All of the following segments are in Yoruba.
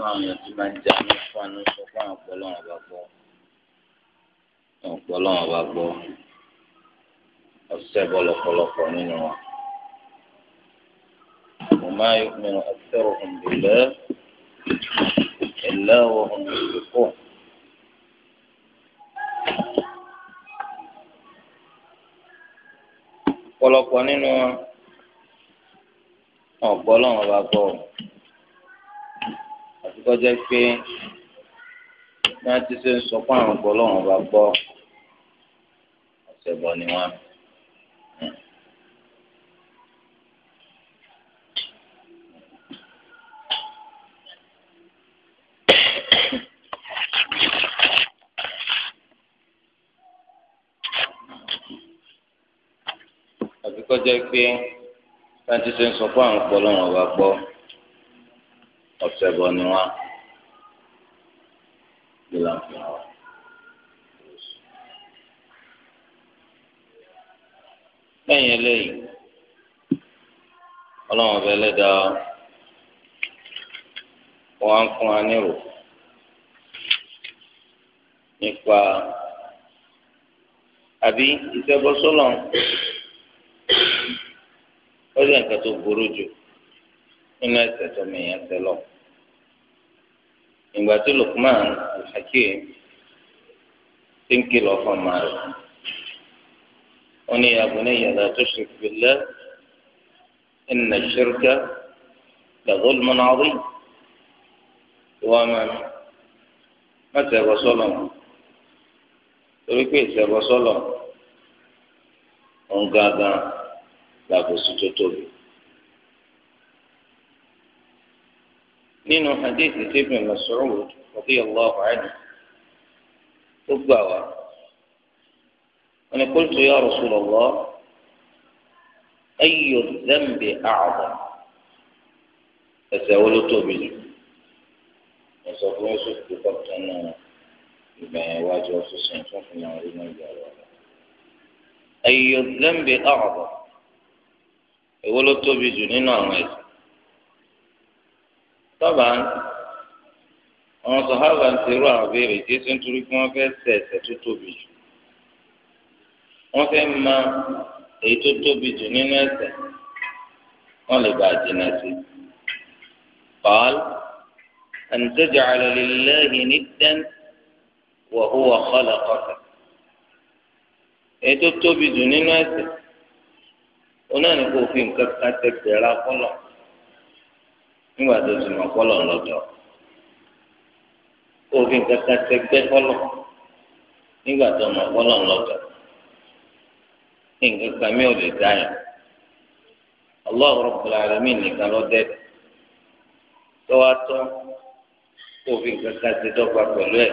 nínú àwọn èèyàn tí máa ń jà ní fanu sọ fún àwọn ọ̀pọ̀lọ́wọ́n bá gbọ́ ọ̀pọ̀lọ́wọ́n bá gbọ́ ọ̀sẹ̀ bọ́ lọ́pọ̀lọpọ̀ nínú wọn. wa ma yu'minu aktharuhum billahi illa wa hum mushrikun. ọ̀pọ̀lọpọ̀ nínú wọn ọ̀pọ̀lọ́wọ́n bá gbọ́ kọjá pé wọn ti ṣe ń sọ fún àwọn ọgbọ lọrùn bá gbọ́ ọsẹ bọ ni wọn. àbíkọ́jọ́ pé wọn ti ṣe ń sọ fún àwọn ọgbọ lọrùn bá gbọ́ ọ̀sẹ̀ bọ̀ ni wọ́n ló láǹfààní wa. lẹ́yìn eléyìí ọlọ́run ọbẹ̀ ẹlẹ́dàá wọn á fún wa nírò nípa àbí ìṣẹ́bọ́sọ́lọ̀ ó jẹ́ nǹkan tó burú jù nínú ẹ̀ṣẹ̀ tó mìíràn tẹ́lọ̀ ìgbà tí Lukman Al-Hakim ti ń kìlọ̀ fún ọmọ rẹ̀ ó ní ya bunayya la tushrik billah inna ash-shirka la dhulmun 'adhim ìwọ ọmọ má ṣẹbọ sọ́lọ̀ torí pé ìṣẹbọ sọ́lọ̀ òun gángan làbòsí tó tóbi. nínú hadithi tí Ibn Mas'ud radiyallahu anhu tó gbà wá wọn ya Rasulullah ayyu dhanbi a'zam ẹ̀ṣẹ̀ wo ló tóbi jù ẹsọ fún oṣù tó kọkàn náà ìgbà yẹn wájú ọsọ sàn fún tóbi jù nínú àwọn tọ́ba àwọn sọ̀hábà ń ṣerú àwọn béèrè jésù nítorí pé wọ́n fẹ́ ṣe ẹ̀ṣẹ̀ tó tóbi jù wọ́n fẹ́ ma èyí tó tóbi jù nínú ẹ̀ṣẹ̀ wọ́n lè bá jìnnà sí i. قال أن تجعل لله ندا وهو خلقك èyí tó tóbi jù nínú ẹ̀ṣẹ̀ onáà ní kò fi nǹkan kan tẹ̀gbẹ̀rẹ̀ nígbà tó ti mọ̀ kọ́lọ̀ lọ́dọ̀ òfin kankan tẹgbẹ́ kọ́lọ̀ nígbà tó mọ̀ kọ́lọ̀ lọ́dọ̀ nǹkan kan mi ò lè dá yẹn Allah Rabbul Alamin nìkan ló dẹ́ tọ́wátọ́ òfin kankan ti dọ́gba pẹ̀lú ẹ̀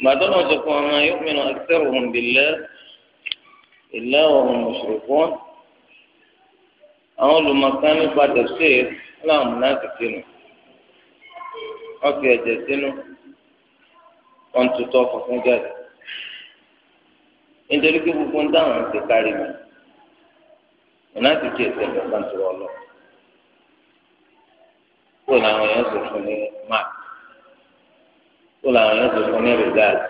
gbàdúrà ọ̀sẹ̀ kan ọ̀nà yu'minu aktharuhum billah illa wa hum àwọn olùmọ̀kan nípa tẹ̀síì láwọn múnáfìkì nù wọ́n fi ẹ̀jẹ̀ sínú wọ́n tutọ́ funfun jáde nítorí pé gbogbo ń dáhùn ti kárí mi múnáfìkì ẹ̀sẹ̀ ló kàn tó wọ́n lọ kó làwọn yẹn sọ fún ní mark kó làwọn yẹn sọ fún ní rìgáàdì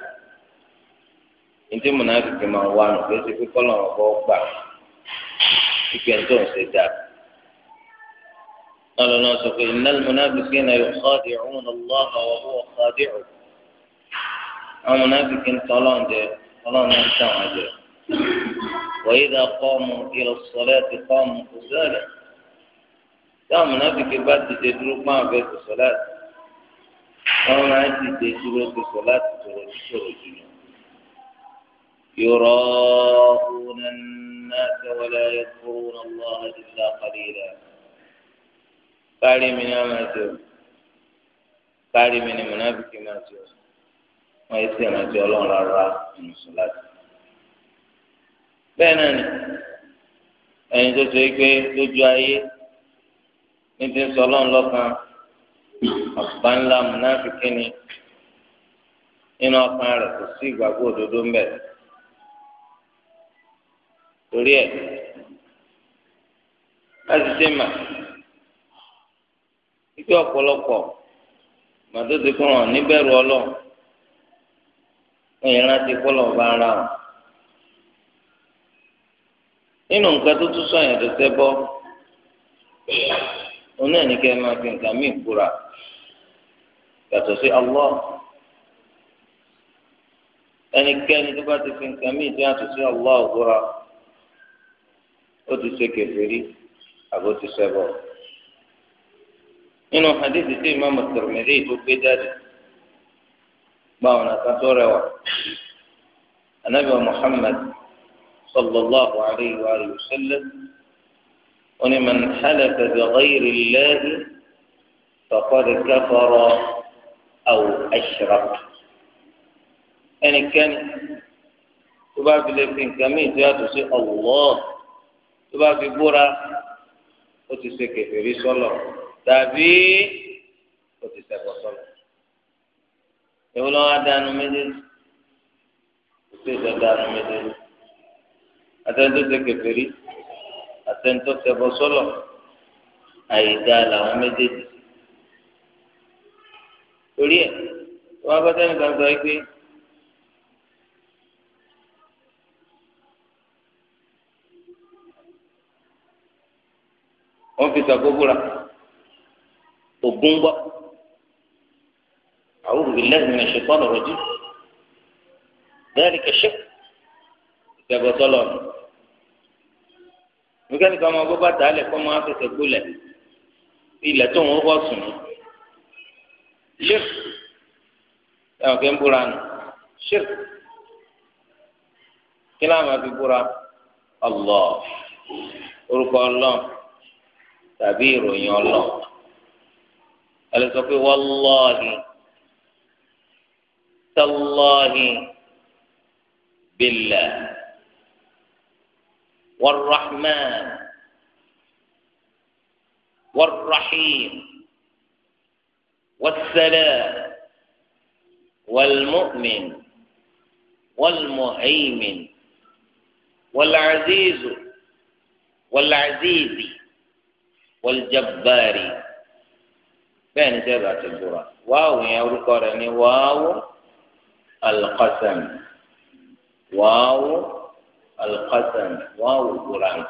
ní tí múnáfìkì máa wà nù pé ṣe pé kọ́lọ̀ wọn bọ́ gbà ìpè tó قال الله سبحانه إن المنافقين يخادعون الله وهو خادعهم أو منافقين طلعون ده طلعون ده وإذا قاموا إلى الصلاة قاموا كسالى táwọn mọ̀nàbíkì bá dìde dúró fún àbẹ̀ sọ̀sọ̀ láti wọ́n máa ń dìde dúró sọ̀sọ̀ láti sọ̀rọ̀ sọ̀rọ̀ jùlọ. yòrò ọ̀hún الناس ولا يذكرون الله إلا قليلا kárí mi ni wọn máa ṣe o kárí mi ni mọnàbíkì máa ṣe o wọn yìí sì rántí Ọlọ́run rárá nínú sọláàtì bẹ́ẹ̀ náà ni ẹni tó ṣe pé lójú ayé ní ti ń sọ Ọlọ́run lọ́kàn ọ̀pá ńlá mọnàbíkì ni nínú ọkàn rẹ̀ kò sí ìgbàgbọ́ òdodo ń bẹ̀rẹ̀. torí ẹ láti ṣe mà ike ọ̀pọ̀lọpọ̀ màtó ti kọ́ hàn níbẹ̀rù ọlọ́run wọ́n yẹn kọ́lọ̀ bá nínú nǹkan tó tún sọ̀yàn tó tẹ́ bọ́ máa fi nǹkan yàtọ̀ sí ẹnikẹ́ni tó bá ti fi nǹkan tó yàtọ̀ sí ó ti ṣe kèfèrí àbó ti ṣe ṣẹbọ. nínú hadithi tí imam Tirmidhi tó gbé jáde gba ọ̀nà kan tó rẹwà anabi muhammad sallallahu alayhi wa sallam oní man halafa bi ghayri llahi faqad kafara aw ashraka ẹnikẹ́ni tó bá fi lè fi nǹkan mìíràn tó yàtọ̀ Allah. tó bá fi búra ó ti ṣe kèfèrí sọ́lọ̀ tàbí ó ti ṣẹ̀bọ̀ sọ́lọ̀ èwo lọ́wọ́ adánú méjèèjì ó ti ṣẹ̀dá adánú méjèèjì àtẹ̀ntó ṣe kèfèrí àtẹ̀ntó ṣẹ̀bọ̀ sọ́lọ̀ àyíká làwọn méjèèjì torí ẹ̀ wọ́n bá tẹ́lẹ̀ kan pé. wọ́n fi sàgó búra ògún gbọ́ a'udhu billahi minash shaitani rajim dhalika shirk ìtẹ̀bọ̀tọ̀ lọ́nà nígbàtí kan máa bọ́ bàtà alẹ̀ kọ́ máa fẹsẹ̀ gbólẹ̀ ilẹ̀ tó ń wọ́ sùn shirk ẹ̀wọ̀n kẹ́ ń búra nù shirk kí láwọn máa fi búra Allah orúkọ Allah. tàbí ìròyìn ọlọ ẹlẹsọ pé wàlláhi tàlláhi bìlà wàrrahman wàrrahim wàsálàm wàlmùmìn wàlmùhàyìmìn wàlàzízù wàlàzízì. wọljabari bẹ́ẹ̀ ni sẹba ti búra wáwù yẹn orúkọ rẹ̀ ni wáwù alqasam wáwù alqasam wáwù búra ni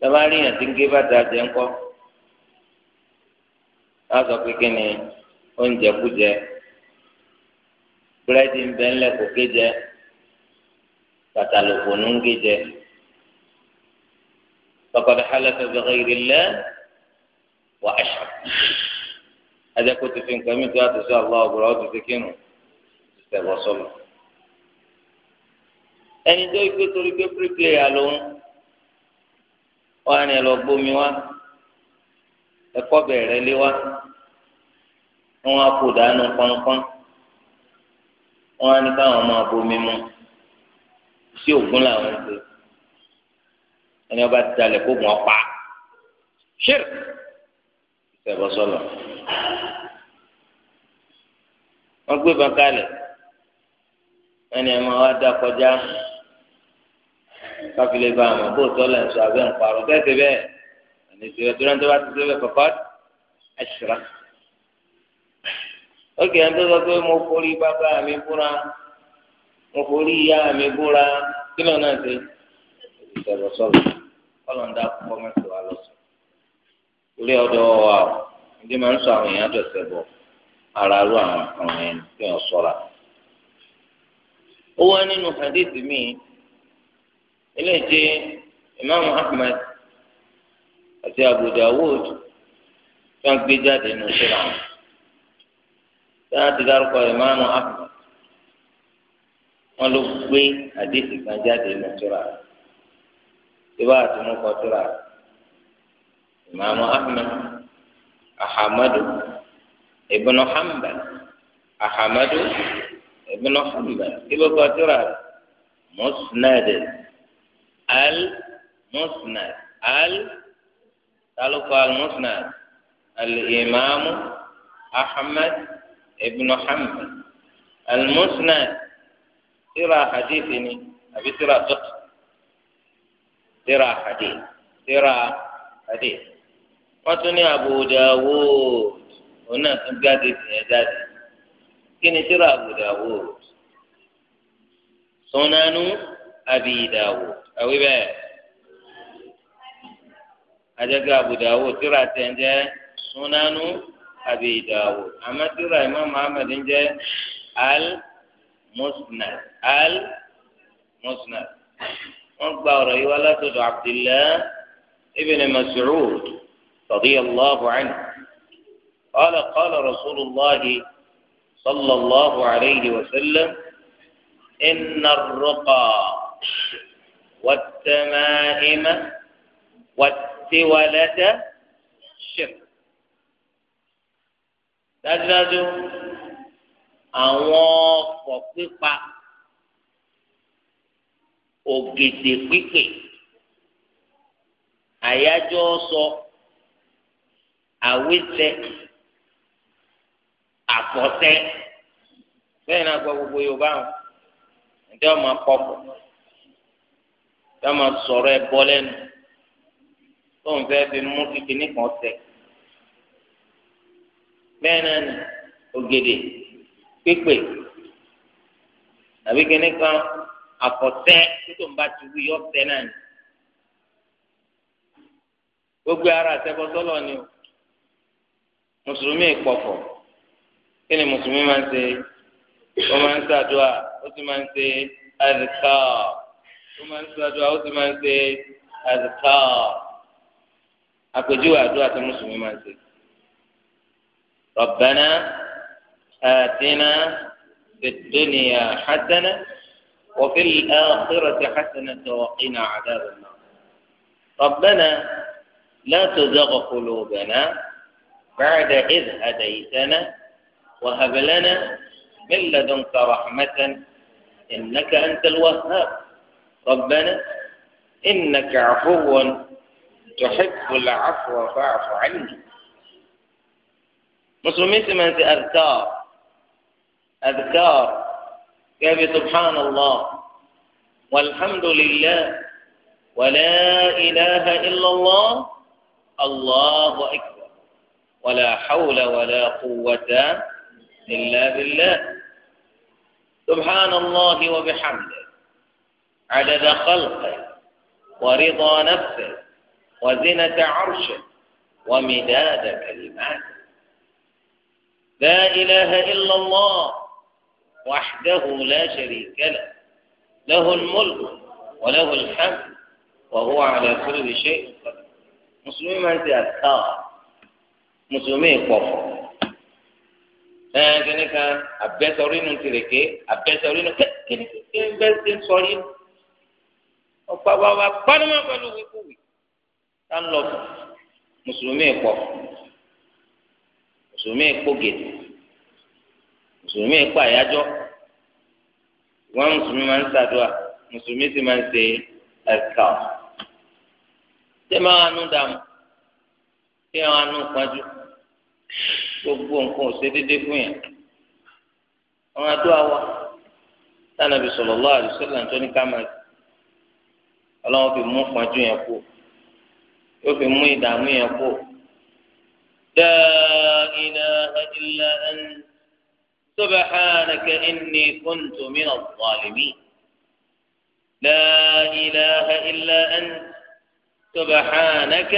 sabari yẹn ti ń gé bàtà jẹ ńkọ́ lásọ pé ni oúnjẹ kú jẹ búrẹ́dì ń bẹ́ńlẹ̀ kò gé jẹ bàtà lòpọ̀ ń gé jẹ. فقد حلف بغير الله وأشرك هذا كنت في كمين تسأل الله براه تسكينه تستغفر صلى ẹni tó ikú torí pé pírípìlẹ̀yà ló ń wá ní ẹlọ gbómi wá ẹkọ bẹ̀rẹ̀ lé wá wọn á kó pọnpọn wọn á káwọn máa bomi mu sí ògùn làwọn ń pè é ẹni ọba ti dalẹ̀ kó gun ọ̀pá ṣírk ìṣẹ̀bọ̀ sọ̀lọ̀ wọ́n gbé ban kalẹ̀ ẹni ẹ̀ máa wá dá kọjá káfílẹ̀ bá àmọ́ bó tọ́lẹ̀ ń sọ abẹ́ ń parọ́ bẹ́ẹ̀ ti bẹ́ẹ̀ ẹni tí wọ́n ti rántí ti dé bẹ́ẹ̀ kọ́kọ́ ẹ̀ṣẹ̀rá ókè ẹni tó sọ pé mo forí bàbá mi búra mo forí ìyá mi búra kí lóun náà ṣe ìṣẹ̀bọ̀ sọ̀rọ̀ kọlọńdà kọ mẹsàn án lọ sùn orí ọdọ wa o ndí máa ń sọ àwọn èèyàn dọ̀sẹ̀ bọ̀ ara ru àwọn nǹkan yẹn kí wọ́n sọ̀ra. ó wá nínú hadith mi eléjẹ imaamu ahmed àti abu dawud tí wọ́n gbé jáde nù síra wọn tí wọ́n ti dárúkọ imaamu ahmed wọ́n ló gbé hadith kan jáde nù síra wọn ìbá àti mú kọtìrà ìmáàmù ahmed ahamadu ibùnú hanbal ahamadu ibùnú hanbal ìbá kọtìrà musnad al musnad al talukọ al musnad al imaamu ahmed ibùnú hanbal al musnad tírà hadithi ni àbí tírà tó tíra hadith tíra hadith wọ́n tún ní Abu Dawud òun náà tún jáde tìyẹn jáde kí ni tíra Abu Dawud sunanu Abi Dawud àwí bẹ́ẹ̀ ajẹ́gbẹ́ Abu Dawud tíra tẹ̀ ń jẹ́ sunanu Abi àmọ́ tíra Imam Ahmad ń jẹ́ al musnad al musnad wọ́n gba ọ̀rọ̀ yìí wá látọ̀dọ̀ Abdullah ibn Mas'ud radiyallahu anhu qala qala rasulullah sallallahu alayhi wa sallam inna ar-ruqa wat-tama'ima wat-tiwalata shirk dájúdájú ògèdè pípè àyájọ́ sọ àwítẹ àfọ̀tẹ bẹ́ẹ̀ náà gbọ́ gbogbo yorùbá wọn ẹ̀jẹ̀ ọmọ akọ́kọ̀ ẹ̀jẹ̀ ọmọ sọ̀rọ̀ ẹ̀ bọ́ lẹ́nu tó ń fẹ́ fi mú kíkiní kan tẹ̀ bẹ́ẹ̀ náà ni ògèdè pípè àbí kíní àkọsẹ títún bá ti wí ọsẹ náà ni gbogbo ara àtẹkọ sọlọ ni o mùsùlùmí ìpọfọ kí ni mùsùlùmí máa ń ṣe ó máa ń ṣàdúrà ó sì máa ń ṣe àdìkà ó máa ń ṣàdúrà ó sì máa ń ṣe àdìkà àpèjúwe àdúrà tí mùsùlùmí máa ń ṣe Rabbana atina fid dunya hasana. وفي الآخرة حسنة وقنا عذاب النار ربنا لا تزغ قلوبنا بعد إذ هديتنا وهب لنا من لدنك رحمة إنك أنت الوهاب ربنا إنك عفو تحب العفو فاعف عني مسلمين سمعت أذكار أذكار كيف سبحان الله والحمد لله ولا إله إلا الله الله أكبر ولا حول ولا قوة إلا بالله سبحان الله وبحمده عدد خلقه ورضا نفسه وزنة عرشه ومداد كلماته لا إله إلا الله وحده لا شريك له له الملك وله الحمد وهو على كل شيء قدير مسلمين ما انت اثار مسلمين كفر ẹ kìnnì kan abẹ́sọ̀rí nu tìrèké abẹ́sọ̀rí nu kẹ́kẹ́ni kẹ́kẹ́ bẹ́ẹ̀ ṣe ń sọ̀rí nu ọ̀pọ̀ àbáwá gbanimọ̀ pẹ̀lú wíkúwì tá ń lọ fún mùsùlùmí pọ̀ mùsùlùmí wọn mùsùlùmí máa ń ṣàdúrà mùsùlùmí sì máa ń ṣe ẹ̀ka ṣé máa wà nù dààmú ṣé máa wà nù pọ́njú gbogbo nǹkan ò ṣe déédéé fún yẹn àwọn àdúrà wa tánàbí sallallahu alaihi wasallam tó ní ká máa ọlọ́wọ́n fi mú pọ́njú yẹn kú yóò fi mú ìdààmú yẹn kú. La ilaha illa anta. سبحانك إني كنت من الظالمين لا إله إلا أنت سبحانك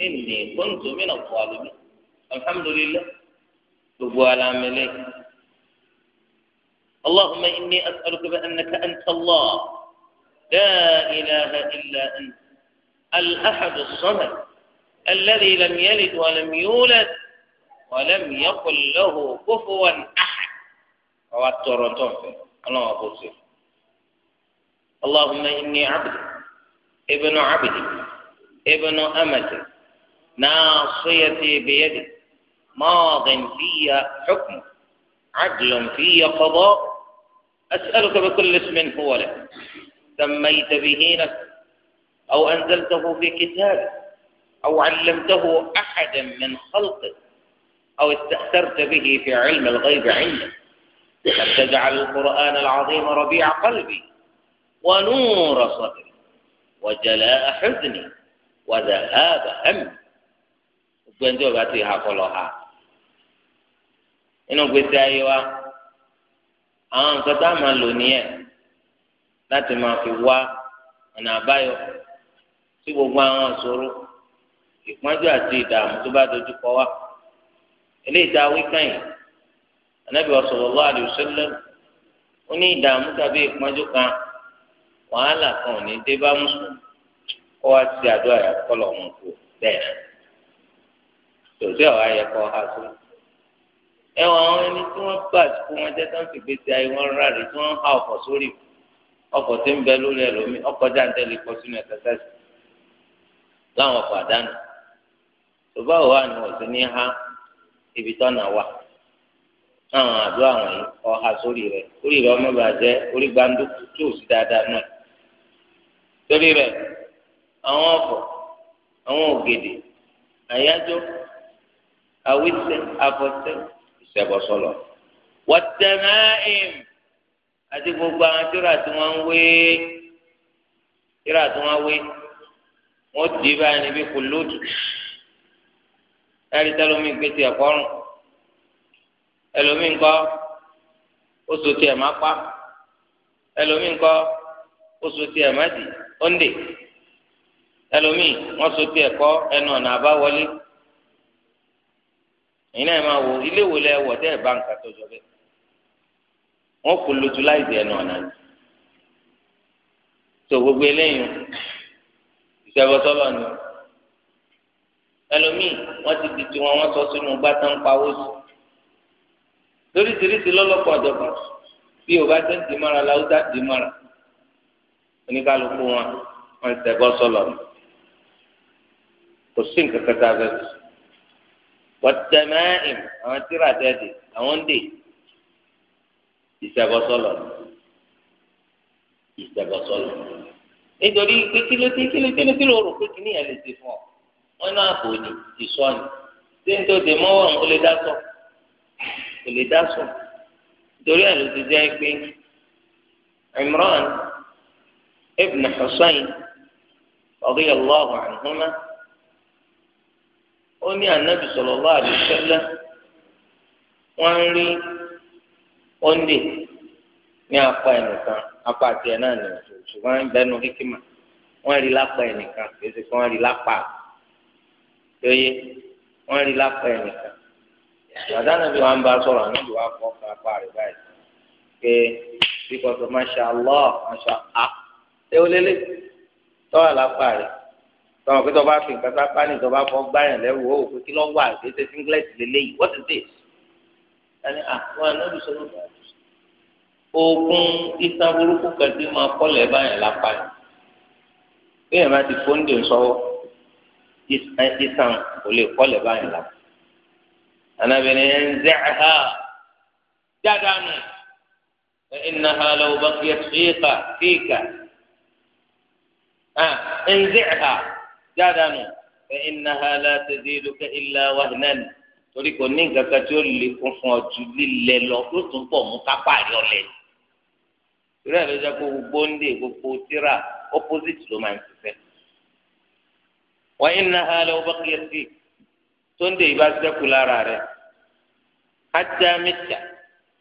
إني كنت من الظالمين الحمد لله تبوا على ملك اللهم إني أسألك بأنك أنت الله لا إله إلا أنت الأحد الصمد الذي لم يلد ولم يولد ولم يقل له كفوا أحد káwá tọrọ tó ń اللهم إني عبد ابن عبدي ابن أمتي ناصيتي بيدي ماض في حكم عدل في قضاء أسألك بكل اسم هو لك سميت به نفسك أو أنزلته في كتابك أو علمته أحدا من خلقك أو استأثرت به في علم الغيب عندك أن تجعل القرآن العظيم ربيع قلبي ونور صدري وجلاء حزني وذهاب همي gbẹ̀ndé ọba ti ha kọlọ̀ ha inú gbèsè ayé wa àwọn nǹkan tá a máa lò nìyẹn láti máa fi wá ọ̀nà àbáyọ sí gbogbo àwọn ìṣòro ìpọ́njú àti ìdààmú tó bá dojú kọ wa eléyìí tá a wí kàn yìí. anabi wa sallallahu alayhi wa sallam ó ní ìdààmú tàbí kan wàhálà kan ò ní dé bá mùsùlùmí kó wá sí ọ̀hún kú bẹ́ẹ̀ tòṣì ọ̀ ayẹ kọ́ ha ẹni tí wọ́n bá wọn tán fi wọ́n há sórí tí ń bẹ lórí lè sínú láwọn àdánù. ni ha ibi tọ́nà àwọn àdúrà wọ̀nyí ọha sórí rẹ̀ orí rẹ̀ ọmọ bàjẹ́ orí gbàndó tó o sì dáadáa náà torí rẹ̀ àwọn ọkọ̀ àwọn ògèdè àyájọ́ àwísẹ́ àfọ̀sẹ́ ìṣẹ̀bọ̀sọlọ̀ wọ́tẹ́máìm àti gbogbo àwọn tíra tí wọ́n ń wé tíra tí wọ́n wé wọ́n dì í báyìí níbi kò lóòtù láti tẹ́lómi gbé tiẹ̀ kọ́rùn-ún ẹlòmíì ńkọ́ oṣù tiẹ̀ má pa ẹlòmíì ńkọ́ oṣù tiẹ̀ má dì ó ń dè ẹlòmíì wọ́n so tiẹ̀ kọ́ ẹnu ọ̀nà àbáwọlé ìyìn náà máa wo ilé wo lẹ wọ̀ tẹ́ ẹ̀ bá nǹkan tó jọ bẹ́ẹ̀ wọ́n kò lójú láì dì ẹnu ọ̀nà yìí tó gbogbo eléyìí ìṣẹ́bọ̀sọ́lọ̀ ni ẹlòmíì wọ́n ti di tiwọn wọ́n sọ sínú gbàtàn pawó sí lóríṣiríṣi lọ́lọ́pọ̀ àjọpọ̀ bí yorùbá ṣe ń di mọ́ra làwùjá di mọ́ra oníkálukú wọn wọn ti tẹ̀gbọ́ sọlọ ni kò sí nǹkan kẹta bẹ́ẹ̀ wọ́tẹ̀mẹ́ẹ̀m àwọn tíra dẹ́ẹ̀dẹ̀ àwọn ń dè ìṣẹ̀bọ̀ sọlọ ni ìṣẹ̀bọ̀ sọlọ nítorí pé kí ló dé kí ló dé kí ló rò pé kìíní ẹ̀ lè ṣe fún ọ wọn náà bò ní ìsọ ni ṣé nítorí mọ́wọ́ ń lè dá sọ kò lè dá sùn torí ẹ̀ ló ti jẹ́ pé Imran ibn Husayn radiyallahu anhuma ó ní anabi sallallahu alaihi wasallam wọ́n ń rí ondè ní apá ẹnìkan apá àti ẹ̀ náà ní ṣùgbọ́n ìbẹ́nu kíkìmà wọ́n rí lápá ẹnìkan kì í ṣe kí wọ́n rí lápá lóye wọ́n rí lápá ẹnìkan gbàdá nàbí wa ń bá sọ̀rọ̀ ànábì wa kọ́ fún apá rẹ̀ báyìí pé bíkọ́ masha Allah masha a ṣé o lélẹ̀ tọ́wọ́ lápá rẹ̀ tọ́wọ́ pé tọ́ba fi nǹkan sápá ní tọ́ba fọ́ gbáyàn lẹ́rù ó pé kí ló wà ṣe singlet lélẹ́yìí what is this? ẹni àwọn ah, ànábì sọ̀rọ̀ oògùn isan burúkú kan tí máa kọ́lẹ̀ báyàn lápá yìí bí èèyàn bá ti fóńdè sọ́wọ́ isan eh, kò lè kọ́lẹ̀ báyàn lápá anabini nzɛɛha dadanu inaha law bakiyat fiika fiika ah, nzɛɛha dadanu inaha la taziduka illa wahnan torí kò ní nǹkan kan tí ó lè kún fún ọ ju lílẹ lọ tó tún bọ̀ mú kápá àyọ lẹ ìrẹ́ ló jẹ́ kó gbogbo ń dè gbogbo tíra opposite ló máa ń ṣiṣẹ́ wa inaha law bakiyat fiika tó ń dè ibà sẹ́kù lára rẹ̀ ajá mẹ́ta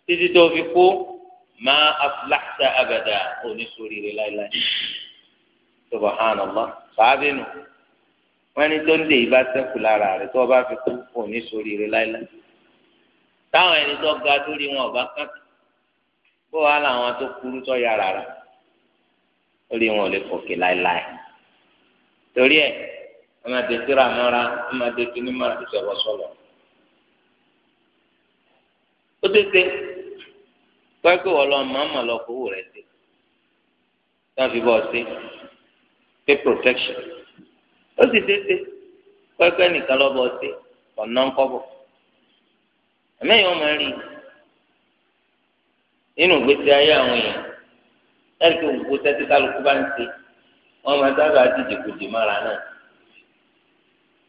títí tó fi kú máa afúláṣà àgàdà oníṣòrí rẹ̀ láéláé subahánàlá fàábínú wọn ní tó ń dè ibà sẹ́kù lára rẹ̀ tó bá fi kú oníṣòrí rẹ̀ láéláé táwọn ẹni tó ga lórí wọn ọba kankan bó wàá làwọn tó kúrú tó yára rà lórí wọn lè fòkè láéláé torí ẹ̀. ama adetira mọra ẹmọ adetini mọra tó sọlọ o ó tètè pẹ́ẹ́kì wọlọ màmá lọ kó wò rẹ sí náà fi bọ́ sí pé protection ó sì tètè pẹ́ẹ́kì nìkan lọ́ bọ́ sí ọ̀nà ńkọ́bọ̀ ẹ̀mẹ́yìn ọmọ rí ayé àwọn èèyàn láti gbogbo bá ń náà.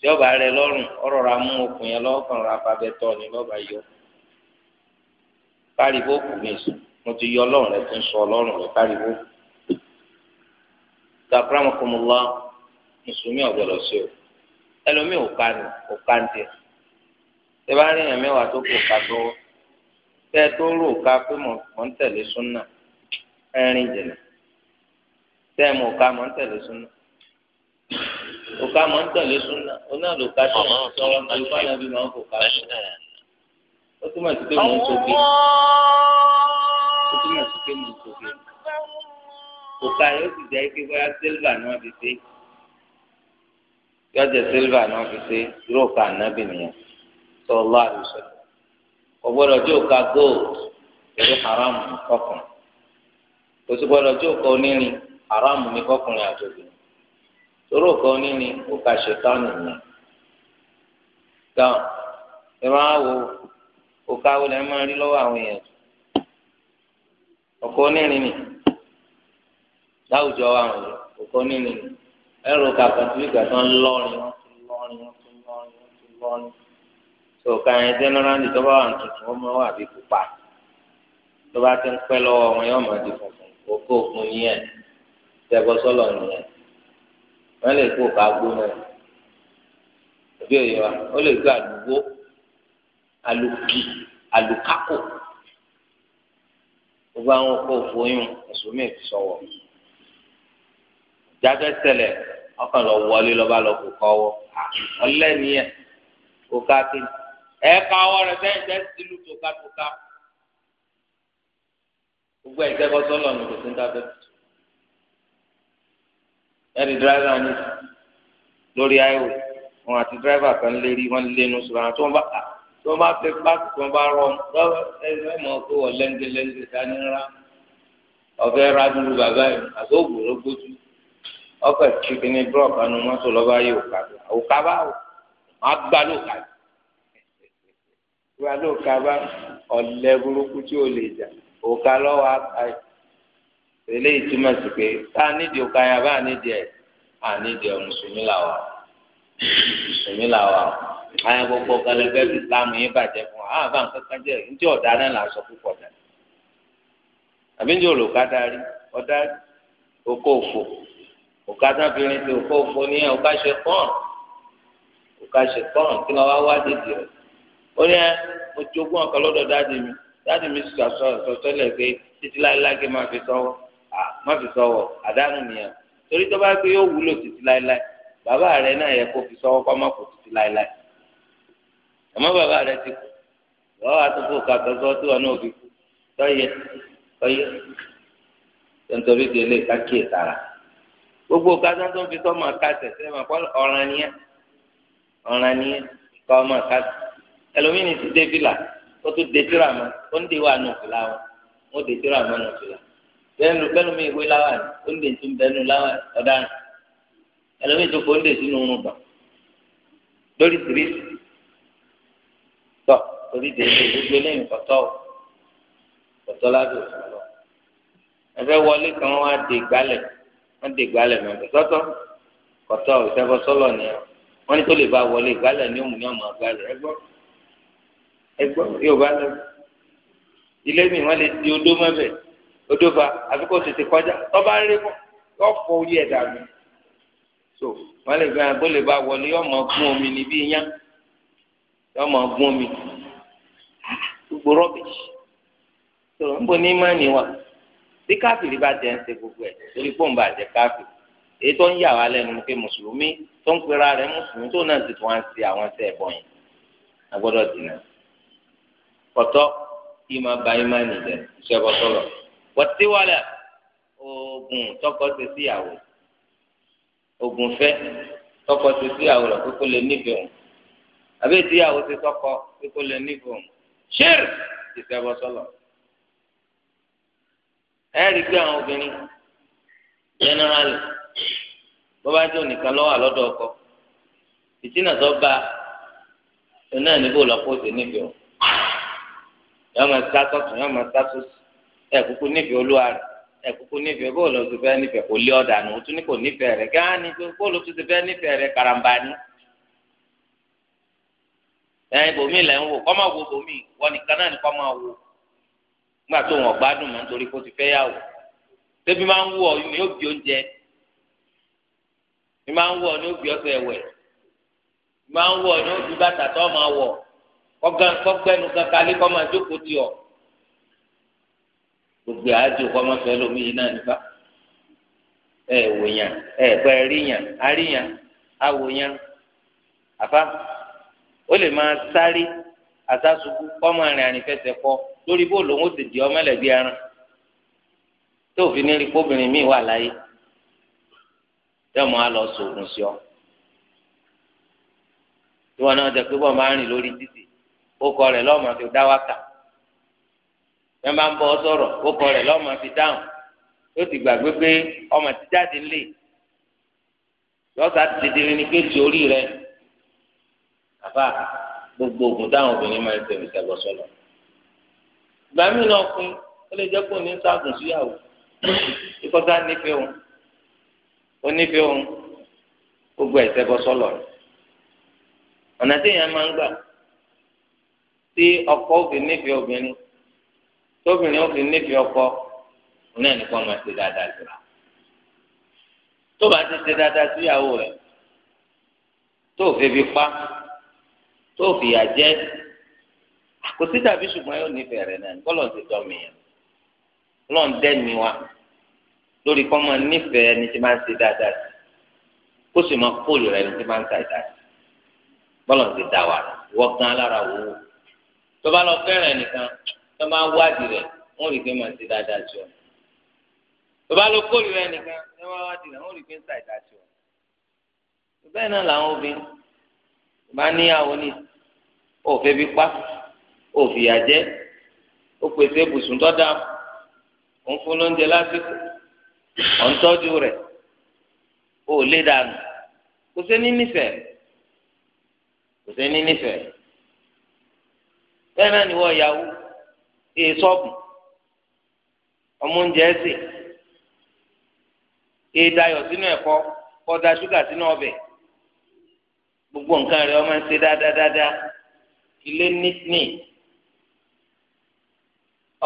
tí ọba rẹ lọrùn ọrọ ra mú okùn yẹn lọ́kàn ra bàbẹ tọ ni lọba yọ pariwo kù mí sùn mo ti yọ ọlọ́run rẹ ti ń sọ rẹ pariwo gàbúrámọkùnmọlá mùsùlùmí ọgbọdọ sí o ẹlòmíì ò kánì ò bá rí tó ká tó tó rò ká pé ń tẹ̀lé súnà mọ̀ ká mọ̀ ń tẹ̀lé òkà máa ń tẹ̀lé súnà oná ló ká tẹ̀lé sọ̀rọ̀ àlùfáà nàbí máa ń fòkà sọ̀rọ̀ ó túmọ̀ sí pé mò ń sókè ó túmọ̀ sí pé mò ń sókè òkà yóò sì jẹ́ pé bóyá sílvà náà fi ṣe yóò jẹ́ sílvà náà fi ṣe irú òkà nàbì nìyẹn sọ̀rọ̀ àlùsọ̀ kò gbọ́dọ̀ tí òkà gold pẹ̀lú haram kọkùnrin kò sì gbọ́dọ̀ tí òkà onírin haram ní kọkùnrin àtòkùnrin sọ̀rọ̀ kan níní kò ká ṣètọ́nù yẹn. gan ẹ máa wo òkà wo máa rí lọ́wọ́ àwọn èèyàn ọkọ onírin ni láwùjọ àwọn òkọ onírin ni ẹrù òkà pàtó ìgbà tó ń lọrin wọn tó ń lọrin wọn tó ń lọrin wọn tó ń lọrin tó òkà yẹn jẹnẹrálì tó bá wà tuntun wọn máa wà bí pupa tó bá ti ń pẹ́ lọ́wọ́ wọn yóò máa di funfun òkò òkun nìyẹn tẹ́gbọ́sọ́lọ̀ nìyẹn wọn lè kó ká gbóná òbí òye wa ó lè gbé àlùwó àlùkì àlùkákò gbogbo àwọn ọkọ òfòyún mùsùlùmí sọwọ jábẹ tẹ́lẹ̀ ọkàn lọ wọlé lọba lọ kó kọwọ ọlẹniyẹ kó ká kí ẹ káwọ rẹ bẹ́ẹ̀ jẹ sílù tó ká tó ká gbogbo ẹjẹ kọsọ lọnà tó ń dábẹ tó ẹni dírẹ́fà ni lórí ayò wọn àti dírẹ́fà kan lérí wọn lénu sọ̀rọ̀ àti wọn bá tí wọn bá fẹ́ bá tí wọn bá rọ ẹ mọ̀ pé wọ́n lẹ́ńgẹ́lẹ́ńgẹ́ dání rà ọ̀fẹ́ rádúrú bàbá yìí àti ògbòrò gbójú ọkọ̀ kíkíní drọ́ọ̀ kanu mọ́tò lọ́ba yìí òkà òkà bá wò má gbá lóka gbá lóka bá ọ̀lẹ́ burúkú tí ò lè jà òkà lọ́wọ́ àkàyè eléyìí túmọ̀ sí pé tá a nídìí ọkọ ayé abá nídìí ẹ̀ à nídìí ẹ̀ mùsùlùmí làwà mùsùlùmí làwà ayé gbogbo kẹlẹgbẹ́ ti islam yín bàjẹ́ fún wa àbá nǹkan kan jẹ́ ní tí ọ̀dà náà là ń sọ púpọ̀ dà àbí ní olùkà darí ọ̀dà oko òfò òkà sábìrin ti oko òfò ní ọ̀ká ṣe pọ́n òkà ṣe pọ́n kí lọ́wọ́ wá dìde rẹ̀ ó ní ẹ mo jogún ọ̀kan lọ́dọ̀ dáàdì mi dáàdì mi sọ̀tọ́lẹ̀ pé títí láéláé kí n máa fi sọ́wọ́ má fi sọwọ́ àdánù nìyẹn torí tó bá gbé yóò wúlò títí láéláé bàbá rẹ náà yẹ kó fi sọwọ́ kó má kó títí láéláé àmọ́ bàbá rẹ ti kú lọ́wọ́ àtúntò kàtọ́sọ́ tí wọn náà fi kú tọ́yẹ tọ́yẹ nítorí délé kákìí tara gbogbo kásá tó ń fi sọ́mọ kásẹ̀ sẹ́yìn máa kọ́ ọ̀ràn nìyẹn ọ̀ràn nìyẹn kọ́ ọmọ kásẹ̀ ẹlòmíì ní ti dé fìlà ó tún dé tíra mọ́ ó ń dé wà nù fìlà wọn ó dé tíra mọ́ nù fìlà bẹ́ẹ̀ni bẹ́ẹ̀ni mi ìwé láwà ní ó lè tún bẹ́ẹ̀ni láwà ọ̀daràn ẹlẹ́mi ìjókòó ó lè sínú oorun bà lórí tìrìsì tọ torí dèjì gbogbo eléyìí kọ̀tọ́ kọ̀tọ́ lábẹ́ òfin lọ ẹfẹ́ wọlé kan wá dé gbálẹ̀ wọ́n dé gbálẹ̀ mẹ́fẹ́ sọ́tọ́ kọ̀tọ́ ìfẹ́fọ́ sọ́lọ̀ ni wọ́n ní tó lè bá wọlé gbálẹ̀ ní òun ní ọmọ gbálẹ̀ ẹgbọ́ ẹgbọ́ yóò bá lọ ilé mi wọ́n lè di odó mẹ́fẹ́ odófa àfi kó tètè kọjá tọ́ba ń rí kọ́ yọ fọ orí ẹ̀ dànù so wọn lè fi àgbo lè ba wọlé yọ mọ gún omi níbí yá yọ mọ gún omi gbogbo rọbìṣì so ń bo ní má níwà bí káfíìrì bá jẹ ń ṣe gbogbo ẹ torí pé bá jẹ káfíìrì èyí tó ń yà wá lẹ́nu ni pé mùsùlùmí tó ń pera rẹ̀ mùsùlùmí tó náà ti tún wá ń ṣe àwọn ẹsẹ̀ ẹbọ yẹn a gbọ́dọ̀ dìnnà kọtọ ìmọ̀ bá ìmọ̀ nìjẹ ìṣẹ́bọ sọ̀rọ̀ wọ́tíwọ́lẹ̀ oògùn tọkọ ṣe síyàwó oògùn fẹ́ tọkọ ṣe síyàwó rẹ̀ kókó lè nífẹ̀ẹ́ òun àbí ìtìyàwó ṣe tọkọ kókó lè nífẹ̀ẹ́ òun ṣír ìṣẹ́bọ sọlọ. ẹ rí i pé àwọn obìnrin jẹnẹrálì bó bá jẹ́ ònìkan lọ́wọ́ àlọ́dọ̀ ọkọ ìtìnà tó bá òun náà níbo lọ́pọ̀ ṣe nífẹ̀ẹ́ òun yọọ máa sá sọ́tún yọọ máa sá sósì ẹ kúkú nífẹ̀ẹ́ olúwa rẹ ẹ kúkú nífẹ̀ẹ́ bó lọ sí fẹ́ nífẹ̀ẹ́ kò lé ọ̀dà nù tún ní kò nífẹ̀ẹ́ rẹ gán ni bó lọ sí fẹ́ nífẹ̀ẹ́ rẹ karamba ni. ẹ ibòmí lẹ ń wò kọ́ máa wo bòmí wọn nìkan náà ni kọ́ máa wo nígbà tó wọn gbádùn mọ́ nítorí kó ti fẹ́ yà wò tẹ́bí máa ń wù ọ ní òbí oúnjẹ ní máa ń wù ọ ní òbí ọ̀sẹ̀ ẹ̀wẹ̀ ní máa ń wù ọ ní òbí bàtà tó máa wọ̀ kọ́gbẹ́nu kankan lé kọ́ máa jókòó ti ọ̀ gbogbo àájò kọ́mọ́fẹ́ lómi yìí náà nípa ẹ wò yàn ẹ pẹ́ rí yàn arí yàn awò yàn àfa ó lè máa sáré àtàsùkú kọ́mọ arìn àrìnfẹsẹ̀ kọ lórí bóòlù òun ó sì di ọmọlẹ́bí ẹran tó fi ní rí kóbìnrin míì wà láyé tẹ́wọ̀n á lọ sòògùn sí ọ tí wọn náà jẹ pé bọ́ọ̀ máa ń rìn lórí títì ó kọ rẹ̀ lọ́ọ̀ máa dá wákàtí ẹ máa ń bọ sọ̀rọ̀ ó kọ rẹ̀ lọ́mọ ti dáhùn ó ti gbàgbé pé ọmọ ti jáde lè lọ́sà tètèrè ni pé ti orí rẹ̀ àbá gbogbo oògùn táwọn obìnrin máa ń tẹ̀lé sẹ́gbọ́ sọ́nà. ìgbà míì náà ó lè jẹ́ pé òní sáàgùn síyàwó ìkọ́sá nífẹ̀ẹ́ òun onífẹ̀ẹ́ òun gbogbo ẹ̀ sẹ́gbọ́ sọ́lọ̀ ọ̀nà téèyàn máa ń gbà tí ọkọ obìnrin nífẹ̀ẹ́ obìnrin tóbìnrin ó fi nífẹ̀ẹ́ ọkọ náà nìkan máa ṣe dáadáa síra tó bá ti ṣe dáadáa síyàwó rẹ̀ tó o febi pa tó o fìyà jẹ kò sí tàbí ṣùgbọ́n yóò nífẹ̀ẹ́ rẹ̀ náà kọ́ lọ́n ti dọ̀ mí yẹn lọ́n dẹ́mi wa lórí kọ́ máa nífẹ̀ẹ́ ẹni tí máa ń ṣe dáadáa sí kó sì máa kóòlù rẹ̀ ẹni tí máa ń ta ìdá sí bọ́lọ̀ ti dà wà wọ́n gan alára wò ó tó bá lọ fẹ́ràn ẹnìkan tó máa wádìí rẹ̀ wọ́n rí i pé máa ti dáadáa sí ọ. tó bá lọ kórìíra ẹnìkan tó máa wádìí rẹ̀ wọ́n rí i pé ń ṣàìdá sí ọ. bẹ́ẹ̀ náà làwọn obìnrin tó bá níyàwó ní òfé bí pa òfìyà jẹ ó pèsè ibùsùn tó dáa ó ń fún lóúnjẹ lásìkò ó ń tọ́jú rẹ̀ ó lé dànù kò sẹ́ni nífẹ̀ẹ́ kò sẹ́ni nífẹ̀ẹ́ bẹ́ẹ̀ náà ni wọ́n yàwó èsọ́ọ̀bù ọmọ oúnjẹ ẹ̀sìn èdayọ̀ sínú ẹ̀kọ́ kpọda ṣúgà sínú gbogbo nǹkan rẹ̀ ma se ṣe ilé nítìní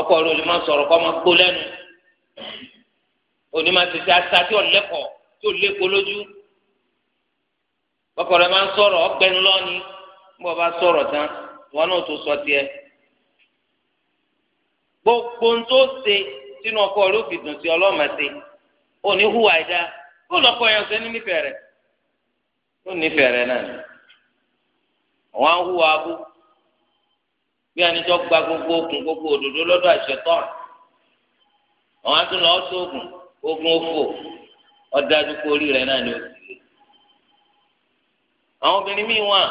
ọkọ rẹ̀ olè máa sọ̀rọ̀ kọ́ gbó lẹnu òní tètè asa tí ò tí ò léko lójú ọkọ gbogbo ń tó ṣe sínú ọkọ rẹ ó fi dùn sí ọlọ́mọ ṣe ó ní hùwà ẹ̀dá kó lọ́kọ nífẹ̀ẹ́ ni wọ́n á hùwà abú bí anijọ́ gba gbogbo okun gbogbo òdòdó lọ́dọ̀ àṣetọ́ wọ́n á tún lọ́ọ́ sóògùn ogun òfò ọ̀dájú rẹ̀ náà ni ó ti lè àwọn obìnrin míì wà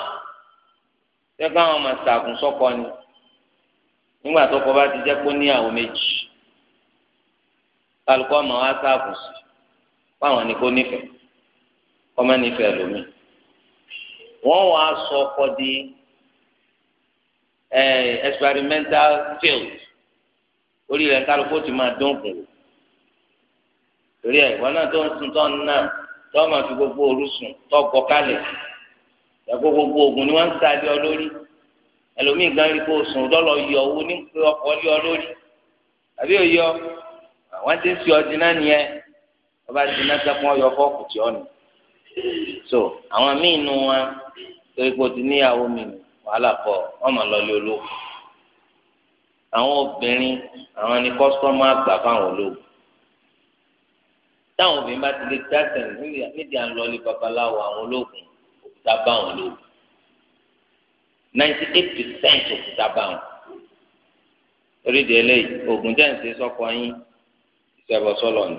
àwọn nígbà tó kọ bá ti jẹ́ pé níyàwó méjì kálukọ́ ọmọ wa sáàbù sí fáwọn ni kò nífẹ̀ẹ́ ọmọ nífẹ̀ẹ́ lómi wọ́n wàá sọ ọkọ di experimental field orí rẹ̀ kálukọ́ ti máa dún kù torí ẹ̀ wọ́n náà tó ń sun tó ń nà tó máa fi gbogbo orú sùn gbọ́ kálẹ̀ ẹ̀ gbogbo oògùn ni wọ́n ń sa ilé ọ lórí ẹlòmíì gan rí kó sùn lọ́lọ́ yọ owó ní pé ọkọ̀ lé ọ lórí àbí òyọ àwọn tí ń sọ ọdún náà nìyẹn wọ́n bá ti náà sẹ́kún ọyọ fọ́ọ̀kù tí ọ nù so àwọn míì nu wọn torí pé o ti níyàwó mi wàhálà pọ̀ wọ́n mọ̀ lọ́lé olóògùn àwọn obìnrin àwọn ni kọ́sítọ́mù àgbà fáwọn olóògùn táwọn obìnrin bá ti lè dá sẹ́yìn nídìí à ń lọlé babaláwo àwọn olóògùn òkúta bá olóògùn ninety eight percent òkúta bá wọn de eléyìí oògùn jẹ́ ǹsẹ́ sọ́kọ yín ìṣẹ̀bọ̀ sọ́lọ̀ ni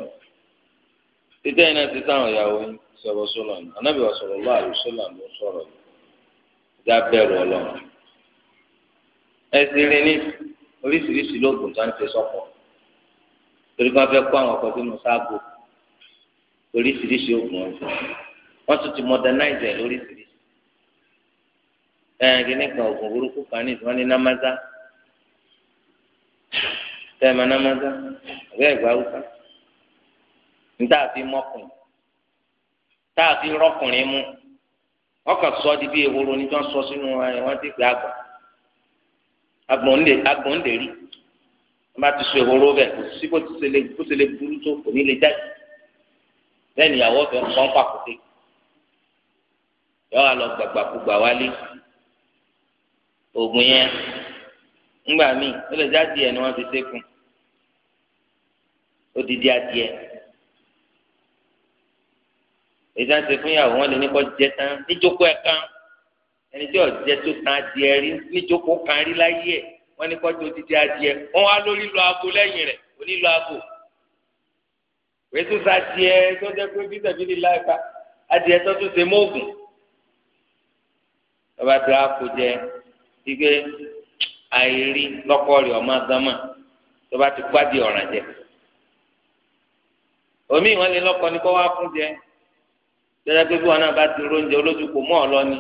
títẹ́ iná ti sáwọn ìyàwó yín ìṣẹ̀bọ̀ sọ́lọ̀ ni anábì ọ̀sọ̀rọ̀ lọ́wọ́ àlùsọ́là ló sọ̀rọ̀ yìí ìjà bẹ̀rù ọlọ́run ẹ̀sìn rìn ní oríṣiríṣi lóògùn tó ń ṣe sọ́kọ torí wọn fẹ́ kó àwọn ọkọ̀ sínú sáàbò oríṣiríṣi oògùn ọ̀sẹ̀ wọ́n tún ti modernize ẹ̀ lóríṣiríṣi ẹn kìíní kan oògùn burúkú kan ní ìfọwọ́n ní námásá tẹ́ẹ̀mà námásá àbẹ́ ẹ̀gbá haúsá níta àfi mọ́kùn tá a fi rọ́kùnrin mú ọkọ̀ sọ di bí ehoro ní tí wọ́n sọ sínú wọn ti gbé àgbọ̀n àgbọ̀n ń dèrí wọ́n bá ti sọ ehoro bẹ̀ kò sí bó ti ṣẹlẹ̀ bó ṣẹlẹ̀ burú tó kò ní lè jáde lẹ́yìn ìyàwó ọ̀fẹ́ ń pọ́n pàkúté yọ wà lọ gbàgbàkúgbà wálé oògùn yẹn ńgbà míì ó lè jẹ adìẹ ni wọn fi ṣẹ́kùn odidi adìẹ èyí ṣe fún ìyàwó wọn lè ní kó jẹ tán níjókòó ẹ kan ẹni tí ọjẹ tó tan adìẹ rí níjókòó kan rí láyé ẹ wọn ní kó jẹ odidi adìẹ wọn wá lórí lọ abo lẹ́yìn rẹ̀ onílọ abo wẹsùn sàdìẹ tó jẹ pé bí tẹbi ní láìka adìẹ tó tún ṣe mọ ògùn lọba tó kó jẹ. wípé àìrí lọ́kọ́ rẹ̀ ọmọ gánmà tó bá ti gbádìí ọ̀ràn jẹ omi ìwọ́n lé lọ́kọ́ ni kó wá fún jẹ gbẹdẹ pé bí wọn náà bá ti róúnjẹ olójú kò mọ́ ọ lọ ni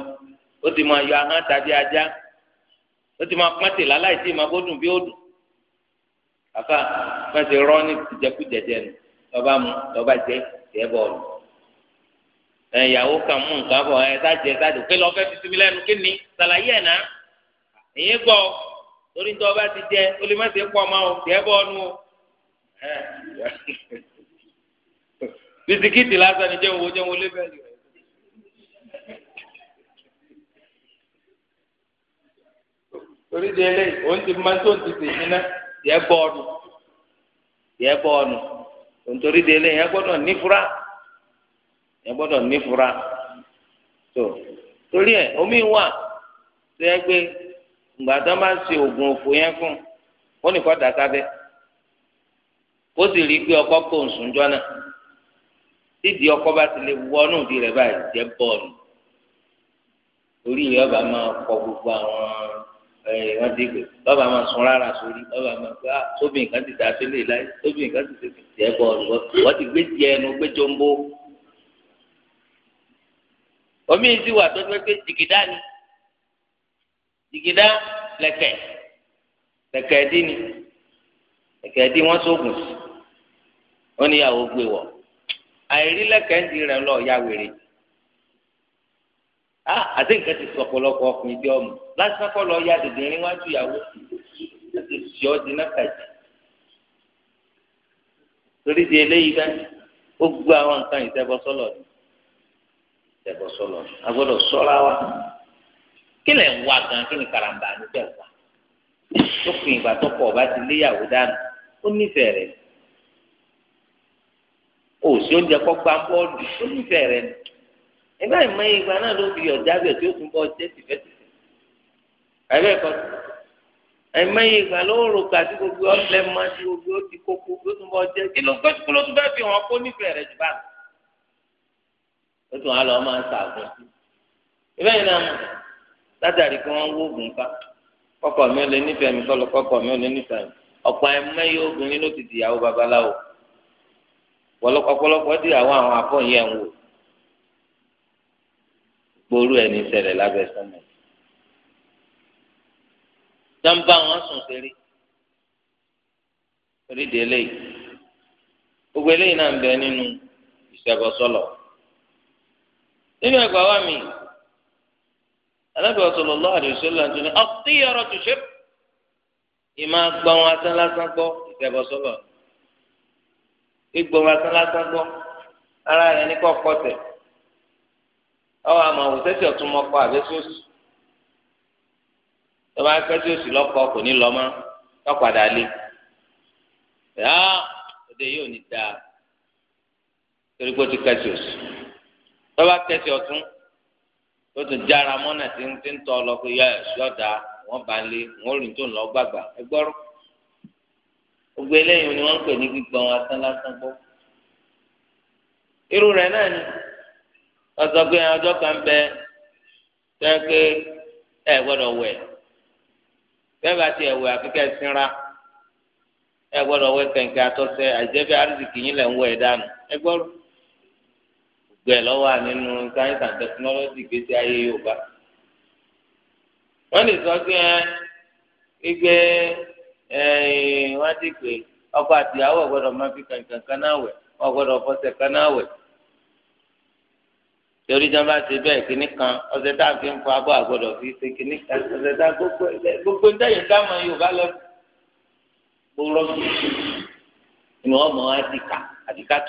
ó ti máa yọ ahọ́n tàbí ajá ó ti máa pọ́ntì láláì tí máa bódùn bí ó dùn rọ́ ní nù lọ́ba mu lọ́ba jẹ jẹ bọ́ọ̀lù ẹ̀yàwó kan mú nǹkan bọ̀ ẹ̀ èyí gbọ́ torí tó o bá ti jẹ o má ti pọ̀ ọmọ o tẹ́ bọ́ o. bisikíìtì lásán ni jẹun wo jẹun wo lébẹ́lì rẹ̀. torí di eléyìí òun ti máa tó ti tẹ́ bọ́ tẹ́ bọ́ nítorí gbọ́dọ̀ gbọ́dọ̀ torí ẹ omi wà tó yẹ ìgbà tó máa ń ṣe oògùn òfò yẹn fún ó ní kọ́ dàka bẹ́ẹ̀ ó sì rí i pé ọkọ kò ń sùn jọ náà tídìí ọkọ bá ti lè wọnú ìdí rẹ̀ báyìí jẹ́ bọ́ọ̀lù orí rẹ̀ ọba máa kọ gbogbo àwọn ẹ̀yìn ti gbè lọ́ba máa sun rárá sórí lọ́ba máa gbé ah, tóbi nǹkan ti dáa sílẹ̀ láyé tóbi nǹkan ti tètè jẹ́ bọ́ọ̀lù wọ́n ti gbé tiẹ̀ ẹnu gbé jombo omi ti wà tó fẹ́ gbé jìgìdá ni jìgìdá lẹ̀kẹ̀ lẹ̀kẹ̀ ẹdí ni lẹ̀kẹ̀ ẹdí wọn sóògùn sí wọn níyàwó gbé wọ àìrí lẹ̀kẹ̀ ń di rẹ lọ ya wèrè a àti nǹkan ti sọ ọ̀pọ̀lọpọ̀ ọkùnrin bí ọmọ lásán kọ lọ ya dèdè rin wájú ìyàwó àti sì ọ di nákàjì torí di eléyìí bá ó gbọ́ àwọn nǹkan ìtẹbọsọlọ ìtẹbọsọlọ a gbọ́dọ̀ ṣọ́ra wa kí lẹ̀ ń wá gan kí ni karambà ní bẹ́ẹ̀ wá tó fi ìgbà tó pọ̀ bá ti léyàwó dànù ó nífẹ̀ẹ́ rẹ̀ òsì oúnjẹ kọ́ gbá bọ́ọ̀lù ó nífẹ̀ẹ́ rẹ̀ ìgbà ìmọ̀ ìgbà náà ló fi ọ̀já bẹ̀ tí ó tún bọ́ jẹ́ tìfẹ́tìfẹ́ ẹ̀rẹ́ ẹ̀kọ́ ẹ̀mọ̀ ìgbà ló rò ká tí gbogbo ọ̀lẹ́ máa ti gbogbo ó ti kókó ó tún bọ́ jẹ́ kí ló gbẹ́sùkú ló tún bẹ́ẹ̀ fi hàn kó nífẹ̀ẹ́ rẹ̀ jù ó tún á lọ máa ń sàgùn sí ìbẹ́yìn náà látàrí kí wọ́n ń wóògùn ká kọ́kọ́ mi ò lè nífẹ̀ẹ́ mi kọ́lọ́ kọ́kọ́ mi ò lè nífẹ̀ẹ́ mi ọ̀pọ̀ ẹ̀mẹ́yẹ obìnrin ló ti dìyàwó babaláwo ọ̀pọ̀lọpọ̀ dìyàwó àwọn afọ́yín ẹ̀ ń wò gbóòrú ẹ̀ ní ṣẹlẹ̀ lábẹ́ jọmba wọn sùn sẹ́rí torí eléyìí gbogbo eléyìí náà ń nínú nínú ẹgbàá wa mi. alábẹ́ sallallahu alaihi wasallam tó ní ọ̀tíyọ̀rọ̀ tó ṣe ìmọ̀ gbọ́n wọn asán lásán gbọ́ ìṣẹ̀bọ̀sọ́lọ̀ ìgbọ̀n wọn asán lásán gbọ́ ara rẹ̀ ní kọ́kọ́ tẹ̀ ọwọ́ àmọ̀ òṣèṣì ọ̀tún mọ́ kọ́ àbẹ́sí òsì tó bá kẹ́sí òsì lọ́kọ̀ kò ní lọ mọ́ lọ́padà lé yá òde yóò ní dáa torí pé ó ti kẹ́sí òsì tó bá ọ̀tún tó tún jára mọ́nà tí ń tí ń tọ́ lọ pé yá ẹ̀sùn ọ̀dà wọ́n bá lé wọ́n rìn tó ń lọ gbàgbà gbogbo eléyìí ni wọ́n ń pè ní asán lásán gbọ́ irú rẹ̀ náà ni wọ́n pé ọjọ́ kan bẹ tẹ́ pé ẹ gbọ́dọ̀ wẹ̀ ẹ gbọ́dọ̀ wẹ̀ kẹ̀kẹ́ àtọ́sẹ́ yín lẹ̀ ń wẹ̀ dànù gbẹ lọ́wọ́ nínú science and technology gbèsè ayé yorùbá wọ́n lè sọ pé gbígbé wọ́n ti pè ọkọ àtìyàwó ọ̀gbọ́dọ̀ máa fi kankan kan náà wẹ̀ ọ̀gbọ́dọ̀ fọṣẹ kan náà wẹ̀ torí jẹun bá ti bẹ́ẹ̀ kíní kan tá a fi ń fọ abọ́ fi ṣe kan tá gbogbo gbogbo dáhùn yorùbá lọ gbòòrò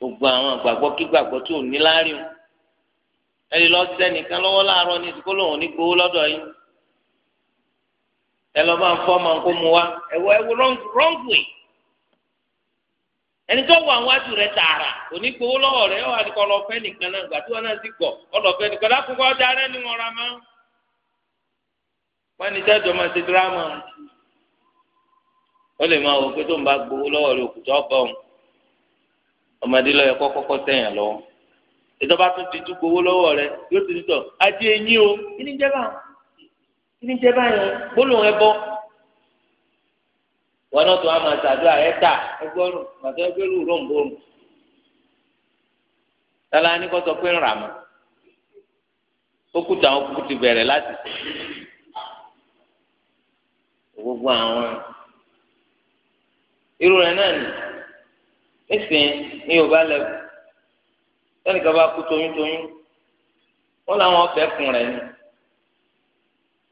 gbogbo àwọn àgbàgbọ́ kígbàgbọ́ tí ò ní láàrin o ẹ lè lọ sẹ́nìkan lọ́wọ́ láàárọ̀ ní ìsìnkú lòun ní gbowó lọ́dọ̀ yín ẹ lọ máa ń fọ́ máa ń kó mu wá ẹ wọ ẹ wọ wrong way ẹni tó wà wájú rẹ tààrà kò ní gbowó lọ́wọ́ rẹ ọ̀ àdìkọ́ lọ fẹ́ nìkan náà gbà tí wọ́n náà ti gbọ̀ ọlọ́fẹ́ nìkan lákòókò ọjà rẹ ni wọ́n ra máa wọ́n ọmọdé lọ yẹ kọ́ kọ́kọ́ tẹ̀yàn lọ ìjọba tún ti tún gbowó lọ́wọ́ rẹ yóò ti sọ àti ẹ̀yìn o kí ni jẹ́bà kí ni jẹ́bà yẹn gbólóhùn ẹ bọ́ wọn náà tó wá máa ṣàdúrà ẹ tà ẹgbọ́rún màtọ́ ẹgbẹ́rún ròǹbòrùn tala ni kọsọ pé ń rà mọ́ òkúta àwọn kúkú ti bẹ̀rẹ̀ láti gbogbo àwọn irú rẹ̀ náà nìyí nísìnyí ní yorùbá lẹ́wọ̀ sẹ́nìkan bá kú toyúntoyún wọ́n làwọn ọbẹ̀ kùn rẹ̀ ni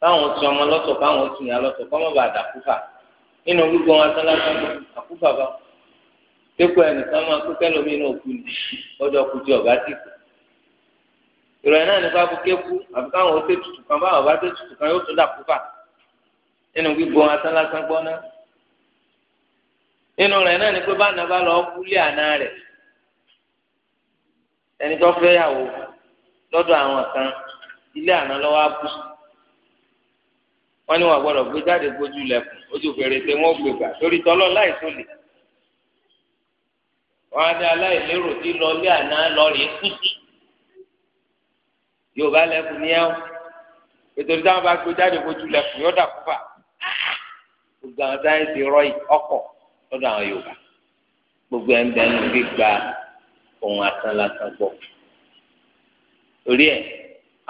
báwọn ti ọmọ lọ́tọ̀ báwọn ti yàn lọ́tọ̀ kọ́ mọ́ bá dà kúfà nínú gbogbo wọn asán lásán àkúfà bá kéku ẹnìkan máa kú kẹlòmí náà kú ni ọjọ́ kú tí ọba ti kú ìrọ̀lẹ́ náà nípa kú kéku àbí káwọn ó tètùtù kan báwọn ọba tètùtù kan yóò tún dà kúfà nínú gbogbo wọn asán lásán gbọ́ náà inú rẹ̀ náà ni pé báńdà bá lọ kúlé àná rẹ̀ ẹni tó fẹ́ yàwó lọ́dọ̀ àwọn kan ilé àná lọ́wọ́ á kú wọ́n ní wọ́n gbọ́dọ̀ gbé jáde gbójú lẹ̀kùn ojú fèrèsé wọn gbé gbà torí tọlọ láì tó lè wọ́n á dé aláìlérò tí lọlé àná lọrẹ kú sí yorùbá lẹ̀kùn ní ẹwọn ètò ìdáhùn bá gbé jáde gbójú lẹ̀kùn yọdà kúfà gbogbo àwọn táyà ti rọ ọkọ lọ́dọ̀ àwọn Yorùbá gbogbo ẹ̀ ń bẹ nínú gbígba ohun asán lásán gbọ́ torí ẹ̀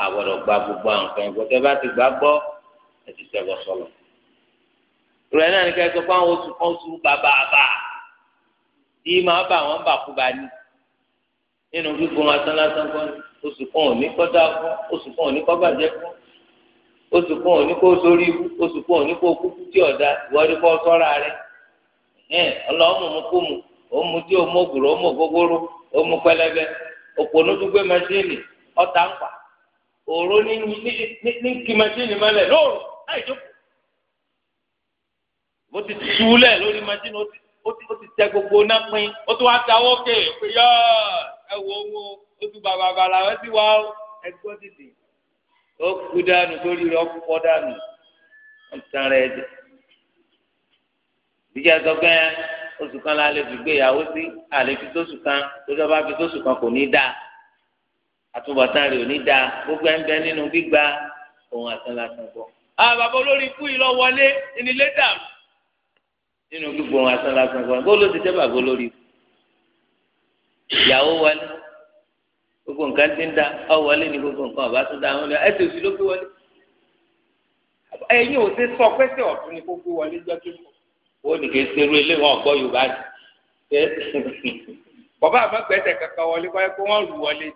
àwọ̀dọ̀ gba gbogbo àwọn nǹkan ìgbọ́ tẹ́ bá ti gbà gbọ́ ẹ̀ ti sẹ́gbọ́ sọ̀rọ̀ rẹ̀ náà ní kẹ́kọ̀ọ́ fún àwọn oṣù kan oṣù bàbàbà tí máa bà wọ́n bà kú bá ní nínú gbígbó asán lásán gbọ́ oṣù kan ò ní kọ́ dá fún oṣù kan ò ní kọ́ bàjẹ́ fún oṣù kan ò ní kó sórí oṣù kan ò ní kó kúkú tí ọ̀dà ìwọ́dí kọ́ sọ́ra rẹ̀ ẹ ọlọmọmọ kú mu òmu tí òmu ògùrò òmu ògógóró òmu pẹlẹbẹ òpònúdúgbé mẹsìnì ọta ń pa òró ní kí mẹsìnì mẹlẹ lóòrò láì ti túlẹ̀ lórí mẹsìnì o ti tẹ gbogbo náà pin tún wá pé yọ ẹ wo owó tún bàbà bàlà ẹ ti ìjà sọ pé oṣù kan la lè fi gbé ìyàwó sí àlè fi tóṣù kan tóṣù ọba fi tóṣù kan kò ní dáa àtúbọ̀tán rẹ̀ ò ní dáa gbogbo ẹ̀ ń bẹ nínú gbígba òun àti lásán gbọ́. a bàbá olórí ikú yìí lọ wọlé ní ilé dàrú nínú gbígbó òun àti lásán gbọ́ bó ló ti jẹ́ bàbá olórí ikú. ìyàwó wọlé gbogbo nǹkan ti ń da ọ wọlé ní gbogbo nǹkan ọba tó da wọn lé òsì ló gbé wọlé. ẹ̀yin ò ṣe sọ pẹ́sẹ̀ ọ̀tún ni kó gbé wọlé jọ́ ó ní kí ṣerú ilé wọn gbọ́ yorùbá yìí bàbá àmọ́ gbẹ́sẹ̀ kankan wọlé wáyé kó wọ́n lù wọlé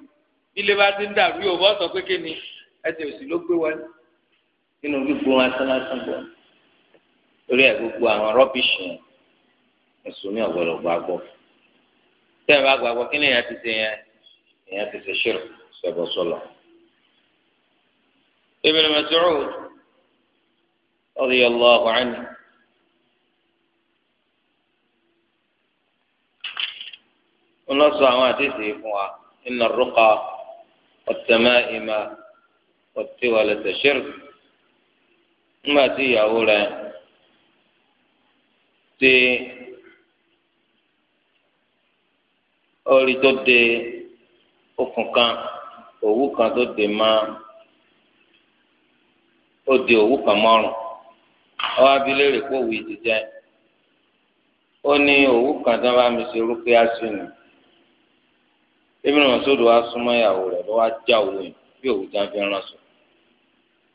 nílé bá ti ń dàrú yóò bọ́ sọ pé kí ni ẹsẹ̀ òsì ló gbé wọlé nínú gbígbó wọn sánlásán gbọ́ torí ẹ̀ gbogbo àwọn rọ́bìṣì yẹn mùsùlùmí ọ̀gbọ̀dọ̀ gbàgbọ́ tẹ́ ẹ bá gbàgbọ́ kí ni èèyàn ti ṣe yẹn èèyàn ti ṣe ṣírò ṣẹbọ sọlọ. Ibn Mas'ud radiyallahu anhu ń lọ sọ àwọn àdéhùn yìí fún wa iná rúkà ọ̀tẹ̀mẹ́ ìmọ̀ ọ̀tí wà lẹ́sẹ̀ ṣẹ́rù nígbà tí ìyàwó rẹ̀ ti orí tó de okùn kan òwú kan tó de máa ó di òwú kan márùn ọwọ abilé rè kó òwú ìdíjẹ ó ní òwú kan tó bá mi ṣe orúkọ yá sí ni Ibn Mas'ud wa súnmọ́ ìyàwó rẹ̀ lọ́wọ́ ajá òwò yìí bí òwú tá a fi ràn sùn.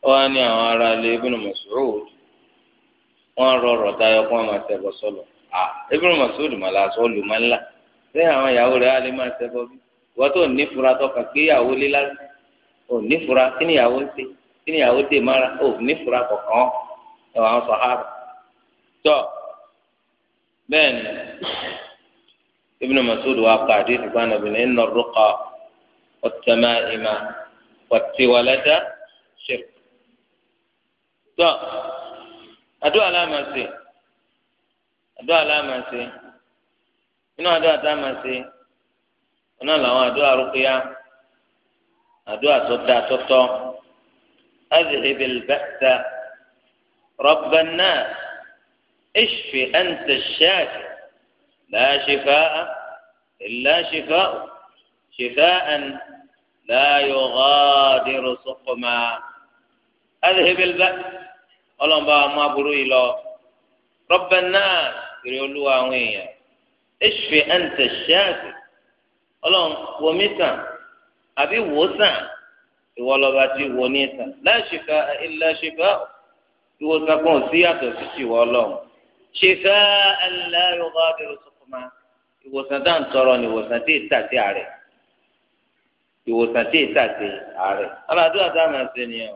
ó wá ní àwọn ará ilé Ibn Mas'ud wọ́n rọrọ̀ táyọ̀ kó wọ́n máa tẹ̀bọ̀ sọ̀lọ̀. Ibn Mas'ud mà lásán olùmọ̀lá ṣé àwọn ìyàwó rẹ̀ á lè máa tẹ̀bọ̀ bí? wọ́n tó nífura tọkàn pé ìyàwó lé lásán ò nífura kí ni ìyàwó ń ṣe kí ni ìyàwó dè mára ò nífura kọ̀ọ̀kan ẹ̀wọ̀n àwọn sọ̀hárà. tọ́ bẹ́ẹ̀ ni ابن مسعود واقع حديث كان إن الرقى والتمائم والتولد شرك tọ àdúrà la máa ṣe àdúrà la máa ṣe inú àdúrà tá a máa ṣe ọ̀nà làwọn àdúrà rúkúyà àdúrà tó dáa tó tọ́ اذهب البأس رب الناس اشف أنت الشافي لا شفاء إلا شفاء شفاء لا يغادر سقما أذهب البأس ọlọ́run bá mú aburú yìí lọ rọ́bẹ̀ náà kiri olúwa àwọn èèyàn eṣùfẹ́ ẹ̀ǹtẹ̀ ṣẹ́ẹ̀sì ọlọ́run wo mí sàn àbí wò sàn ìwọ lọ́ba tí wò ní sàn láṣìfẹ́ ìlàṣìfẹ́ ìwòsàn kan ò sí yàtọ̀ sí ṣìwọ́ ọlọ́run ṣìfẹ́ ẹ̀ńlá yóò bá bẹ̀rẹ̀ sọ ma ìwòsàn tá à ń tọrọ ni ìwòsàn tí èta sí àárẹ ìwòsàn tí èta sí àárẹ ọlọ́dúnrún tá a máa ṣe nìyẹn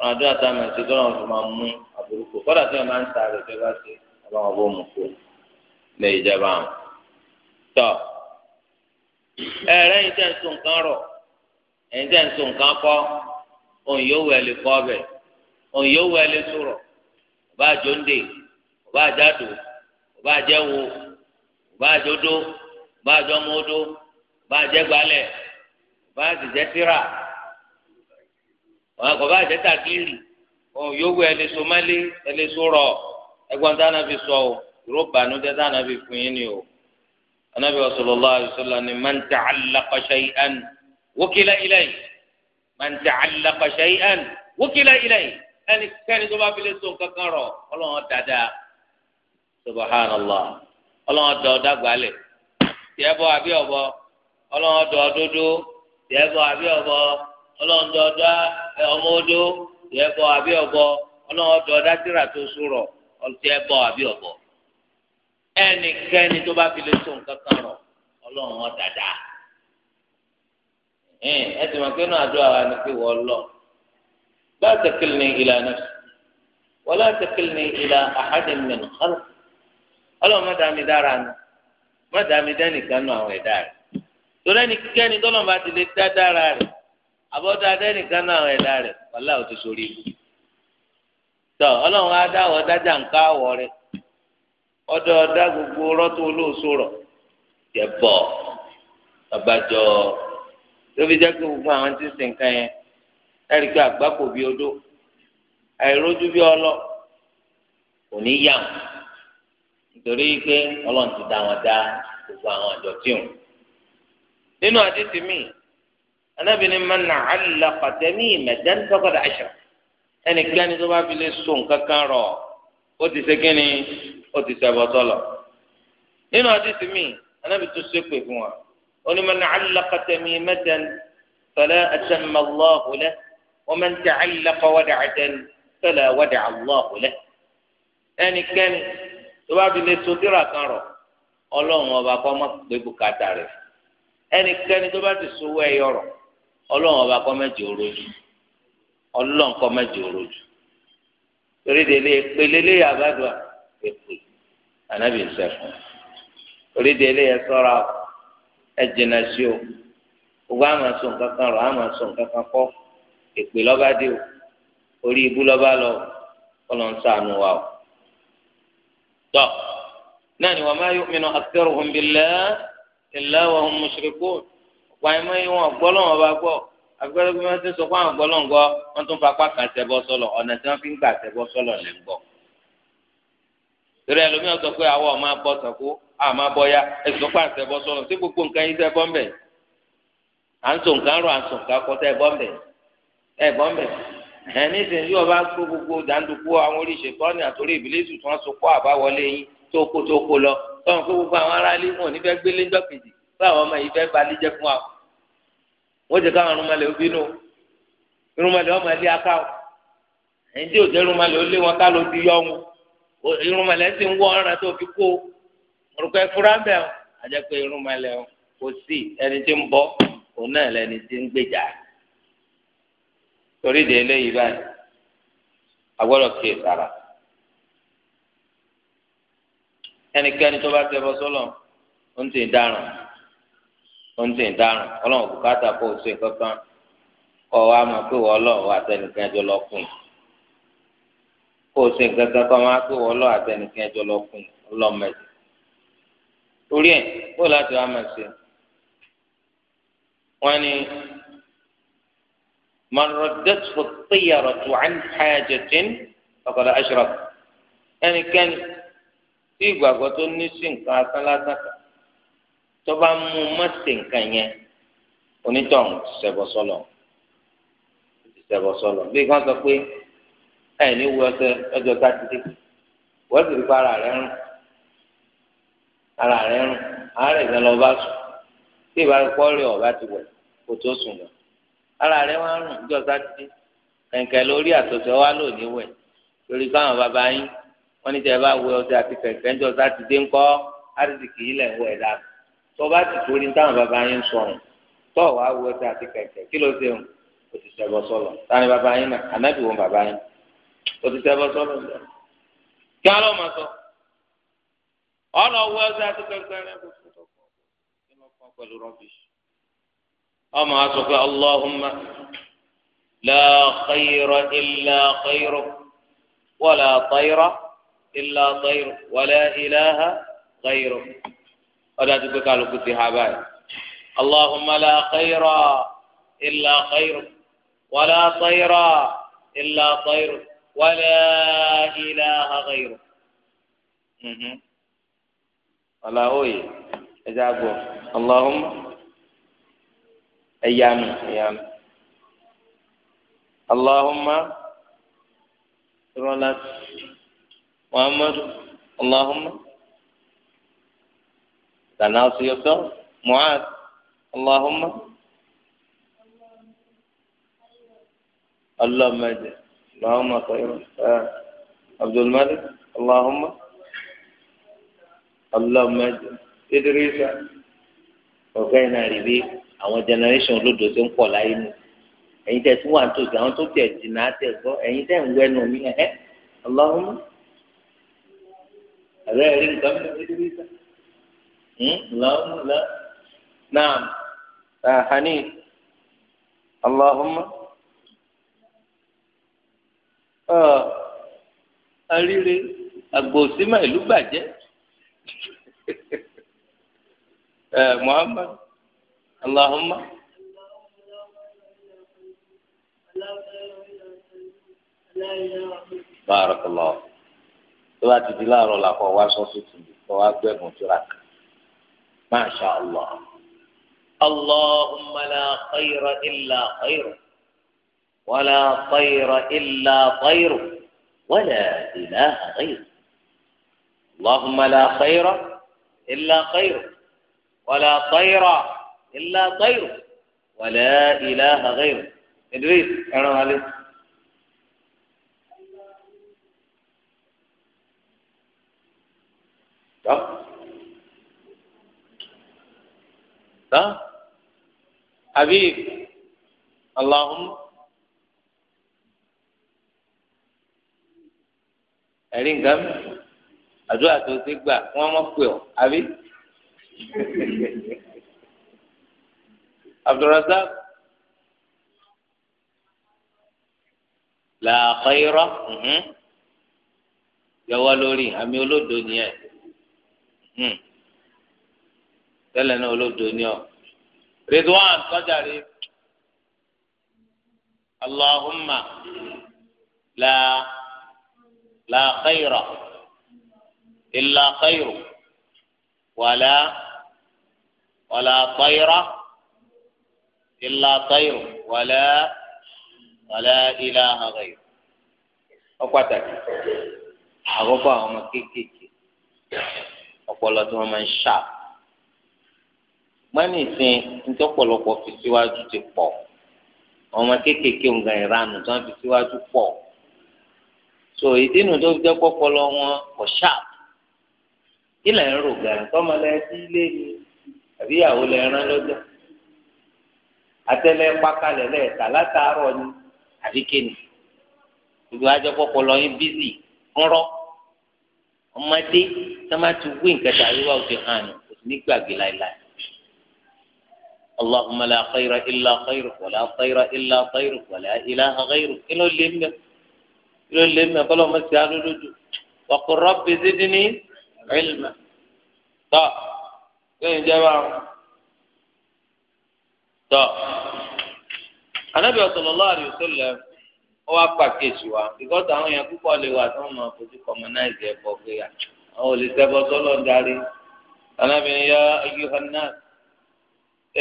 ọlọ́dúnrún tá a máa ṣe tọ́lọ́ fi máa mú àbúrúkọ kọ́dà tí wọ́n máa ń sa àárẹ tó bá ṣe ọlọ́wọ́n bó mú kú lè ìjọba àwọn. tọ́ ẹ̀rẹ́ yìí tẹ̀ ń so nǹkan rọ̀ ẹ̀yìn tẹ̀ ń so nǹkan kọ́ òun yóò wẹ̀ lè kọ́ òun yóò wẹ̀ lè ọba àjọ ń dè ọba àjọ àdùn ọba jẹ́ wo ọba jẹ́ odó ọba jẹ́ ọmọ odó ọba jẹ́ gbalẹ̀ ọba jẹ́ tíra ọba jẹ́ tagiri ohun yòówù ẹ lè so mẹ́lẹ́ ẹ lè so rọ̀ ẹgbọ́n dáná fi sọ o ìró bànújẹ́ dáná fi fún yín ni o anabi wa sallallahu alayhi wa sallam ni man ta'allaqa shay'an wukila ilayhi man ta'allaqa shay'an wukila ilayhi ẹnikẹ́ni tó bá fi lè so nǹkan kan rọ̀ ọlọ́run subhanallah ọlọ́wọ́n dọ̀ dàgbàlẹ̀ tiẹ̀ bọ́ àbí ọ̀bọ ọlọ́wọ́n dọ̀ dúdú tiẹ̀ bọ́ àbí ọ̀bọ ọlọ́wọ́n dọ̀ dá ọmọ odó tiẹ̀ bọ́ àbí ọ̀bọ ọlọ́wọ́n dọ̀ dátìrà tó sùrọ̀ tiẹ̀ bọ́ àbí ọ̀bọ ẹnikẹ́ni tó bá fi lè so nǹkan kan rọ̀ ọlọ́run wọn dáadáa ẹ ti mọ̀ pé náà àdúrà wa ni pé wọ́n lọ bá tẹ̀kìlì ní ìlànà wọ́n lá tẹ̀kìlì ní ìlà àhádìmẹ̀nù kálukú. ọlọ́run má dára nù má dàmí dẹ́nìkan nù àwọn ẹ̀dá rẹ̀ torí ẹnikẹ́ni tọ́lọ́run bá ti lè dá dára rẹ̀ àbọ̀dá dẹ́nìkan nù àwọn ẹ̀dá rẹ̀ wàhálà ò sórí ibu ọlọ́run ọdọ gbogbo tóbi gbogbo àwọn sìn kan yẹn pé àgbákò odó àìrójú torí pé ọlọ́run ti dá wọn dá gbogbo àwọn àjọ tí ò nínú àdìsí mi anábìnrin máa nà àlùlá pàtẹ́mì mẹ̀dán tọ́kọ̀dá àṣà ẹnikẹ́ni tó bá fi lè so nǹkan kan rọ̀ ó ti ṣe kí ni ó ti ṣẹbọ sọlọ nínú àdìsí mi anabinrin maa na alula patemi medan tokoda asa eni tó o ti se ki ni o ti se boto lo ninu adisi mi anabi to se pe fun wa ó ní máa nà àlùlá ní mẹ̀dán fẹlẹ́ àtẹnumọ́lọ́ọ̀hùlẹ́ wọ́n máa ń tẹ àlùlá kọ́wọ́dà àtẹn fẹlẹ́ wọ́dà tó bá fi lè so tíra kan rọ̀ ọlọ́run ọba kọ́ mọ́ pé bùkátà rẹ̀ ẹnikẹ́ni tó bá ti sowó ẹyọ rọ̀ ọlọ́run ọba kọ́ mẹ́jọ òrojú ọlọ́run kọ́ mẹ́jọ òrojú torí délé pelélé àbádùá èpè ànábì ń sẹ́fún torí délé ẹ sọ́ra ẹ jìnnà sí o gbogbo àmà sùn kankan rọ̀ àmà sùn kankan kọ́ èpè lọ́ba dé o orí ibú lọ́ba lọ ọlọ́run ṣàánú wa o tọ́ náà ni wa ma yu'minu aktharuhum billahi illa wa hum mushrikun ọ̀pọ̀ àyẹ̀mọ́ yìí wọn gbọ́lọ́wọ́ bá gbọ́ agbẹ́rẹ́ bí wọ́n ti sọ fún àwọn gbọ́lọ́ngọ́ wọ́n tún fapá kan tẹ̀bọ́ sọ́lọ̀ ọ̀nà tí wọ́n fi ń gbà tẹ̀bọ́ sọ́lọ̀ lẹ́ ń gbọ́. torí ẹlòmíràn sọ pé àwọn ọmọ abọ́ sọ̀kú àmọ́ abọ́yá ẹ̀sùn pa àtẹ̀bọ́ sọ́lọ̀ sí gbogbo nǹkan yín tẹ̀bọ́ ń bẹ̀. à ń sọ nǹkan rọ à ń sọ nǹkan kọ́ ẹ̀hẹ́n nísìnyí yóò bá kó gbogbo dàńdùkú àwọn oríṣètọ́ni àtòrí ìbílẹ̀sù tí wọ́n so kó àbáwọlé yín tó kó tó kó lọ tọ́wọ́n kó gbogbo àwọn aráàlú wọn gbélé ńjọ́ kejì ọmọ yìí fẹ́ balẹ̀ jẹ́ fún wa wọ́n ti káwọn ilé o ẹ̀yìn tí òjò irúnmọlẹ̀ ó lé wọn ká ló ti yọ wọn irúnmọlẹ̀ ti ń torí de eléyìí báyìí agbọ́dọ̀ kí ìsara ẹnikẹ́ni tó bá tẹbọ sọlọ ó ń tì dáràn ó ń tì dáràn Ọlọ́run bùkátà kó o ṣe kankan kọ wa mọ̀ pé wọn lọ wọ àtẹnìkan ẹjọ lọ kùn kó o ṣe kankan kọ máa pé wọn lọ àtẹnìkan ẹjọ lọ kùn ọlọmọdé torí ẹ̀ kó láti wá máa wọn ni. من ردته الطيرة عن حاجة فقد أشرك يعني كان tí ìgbàgbọ́ tó ní sí nǹkan asánlásàkà tó bá mú mọ́sẹ̀ nǹkan yẹn onítọ̀hún ti ṣẹbọ sọlọ ti ṣẹbọ sọlọ bí wọ́n sọ pé ẹ̀ ní wú ọsẹ ọjọ́ sátidé wọ́n sì rí pa ara rẹ̀ rùn ara rẹ̀ rùn àárẹ̀ ìgbà lọ bá sùn tí ìbá rí pọ́ọ̀rì ọ̀bá ti wẹ̀ kó tó sùn lọ ara rẹ wọn rùn níjọ́ sátidé kẹ̀kẹ́ lórí àtọ̀tọ̀ wa lónìí wẹ̀ lórí káwọn bàbá yín wọn ní tẹ́ bá wẹ ọtí àti kẹ̀kẹ́ níjọ́ sátidé ńkọ́ àdìsíkì yìí lẹ̀ ń wẹ̀ dáa tó bá ti torí táwọn bàbá yín sọ̀rọ̀ tó wà wẹ ọtí àti kẹ̀kẹ́ kí ló ṣe ń o ti sẹ́bọ̀ sọ̀lọ̀ táni bàbá yín náà ànábì wọn bàbá yín o ti sẹ́bọ̀ sọ̀lọ̀ kí wọn lọ máa sọ ọ̀nà wẹ ọtí àti kẹ̀kẹ́ rẹ kò tó tó kọ́ pẹ̀lú rọ́bìṣì أما أتوك اللهم لا خير إلا خيرك ولا طير إلا طير ولا إله غيرك ولا تبقى لك في اللهم لا خير إلا خيرك ولا طير إلا طير ولا إله غيرك ولا هو إذا أقول اللهم أيام أيامي اللهم صل محمد اللهم تناصي يوسف معاذ اللهم اللهم اجعل اللهم خير عبد الملك اللهم اللهم اجعل ادريس وكينا ربيك àwọn generation olódò tó ń pọ̀ láyé nù ẹ̀yin tẹ̀ tún wà ní tòsí àwọn tó tẹ̀ jìnnà tẹ̀ gbọ́ ẹ̀yin tẹ̀ ń wẹ́nu mi ẹ̀ ọlọ́run àbẹ́ rí nǹkan mi lórí rí sá náà àhání ọlọ́run ọ àríire àgbòsímà ìlú bàjẹ́ ẹ̀ eh, Muhammad. اللهم بارك الله tó bá ti di láàárọ̀ la kọ́ wá sọ sí tìǹbù kọ́ wá gbẹ̀gùn tíra kan masha allah allahumma la khayra illa khayru wala khayra illa khayru wala ilaha ghayru allahumma la khayra illa khayru wala khayra. إلا طير ولا إله غيره إدريس أنا عليك صح صح حبيب اللهم ẹ̀rí nǹkan mi àdúrà tó ti gbà wọ́n mọ̀ pé ọ́ àbí. abdulrazak làákàyọrọ mhm. yọwọ lórí àmì olódo nìyẹn hmm. tẹ́lẹ̀ náà olódo ni ọ ridwan sọjàre allahumma la la khayra illa khayru wala wala tayra. إلا طير ولا ولا إله àgàyò ọ̀pàtàkì àkọ́kọ́ àwọn ọmọ kéékèèké ọpọlọ tí wọ́n máa ń ṣà mọ́nì ìsìn nítorí ọ̀pọ̀lọpọ̀ fi síwájú ti pọ̀ ọmọ kéékèèké nǹkan ìranù tí wọ́n fi síwájú pọ̀ so ìdí nu tó fi jẹ́ pọ́pọ́lọ wọn kò ṣà kí lẹ́yìn rò gan tọ́mọ lẹ́yìn sí ilé mi àbí ìyàwó lẹ́yìn rán lọ́jọ́ atẹlẹ pakalẹ lẹẹta látàárọ̀ ni àbí kéne gbogbo ajẹ pọpọlọ yín bízì ńrọ ọmọdé sọmátì wí nǹkan tà àríwá òde hàn ní kò sí ní gbàgbé láéláé allahumma la khayra illa khayru wala khayra illa khayru wala ilaha khayru kí ló lé mbẹ kọlọ ọmọ sí alólódù wa qur rabbi zidni ilma jẹ báwọn tọ́ anábì sallallahu alaihi wasallam ó wá pàkíyèsí wa bíkọ́sì àwọn èèyàn púpọ̀ lè wà tó ń mọ fojú kọmọnáìsì ẹ̀bọ pé àwọn olùsẹ́bọ sọ́lọ́ ń darí anábì ya ayyuhan nas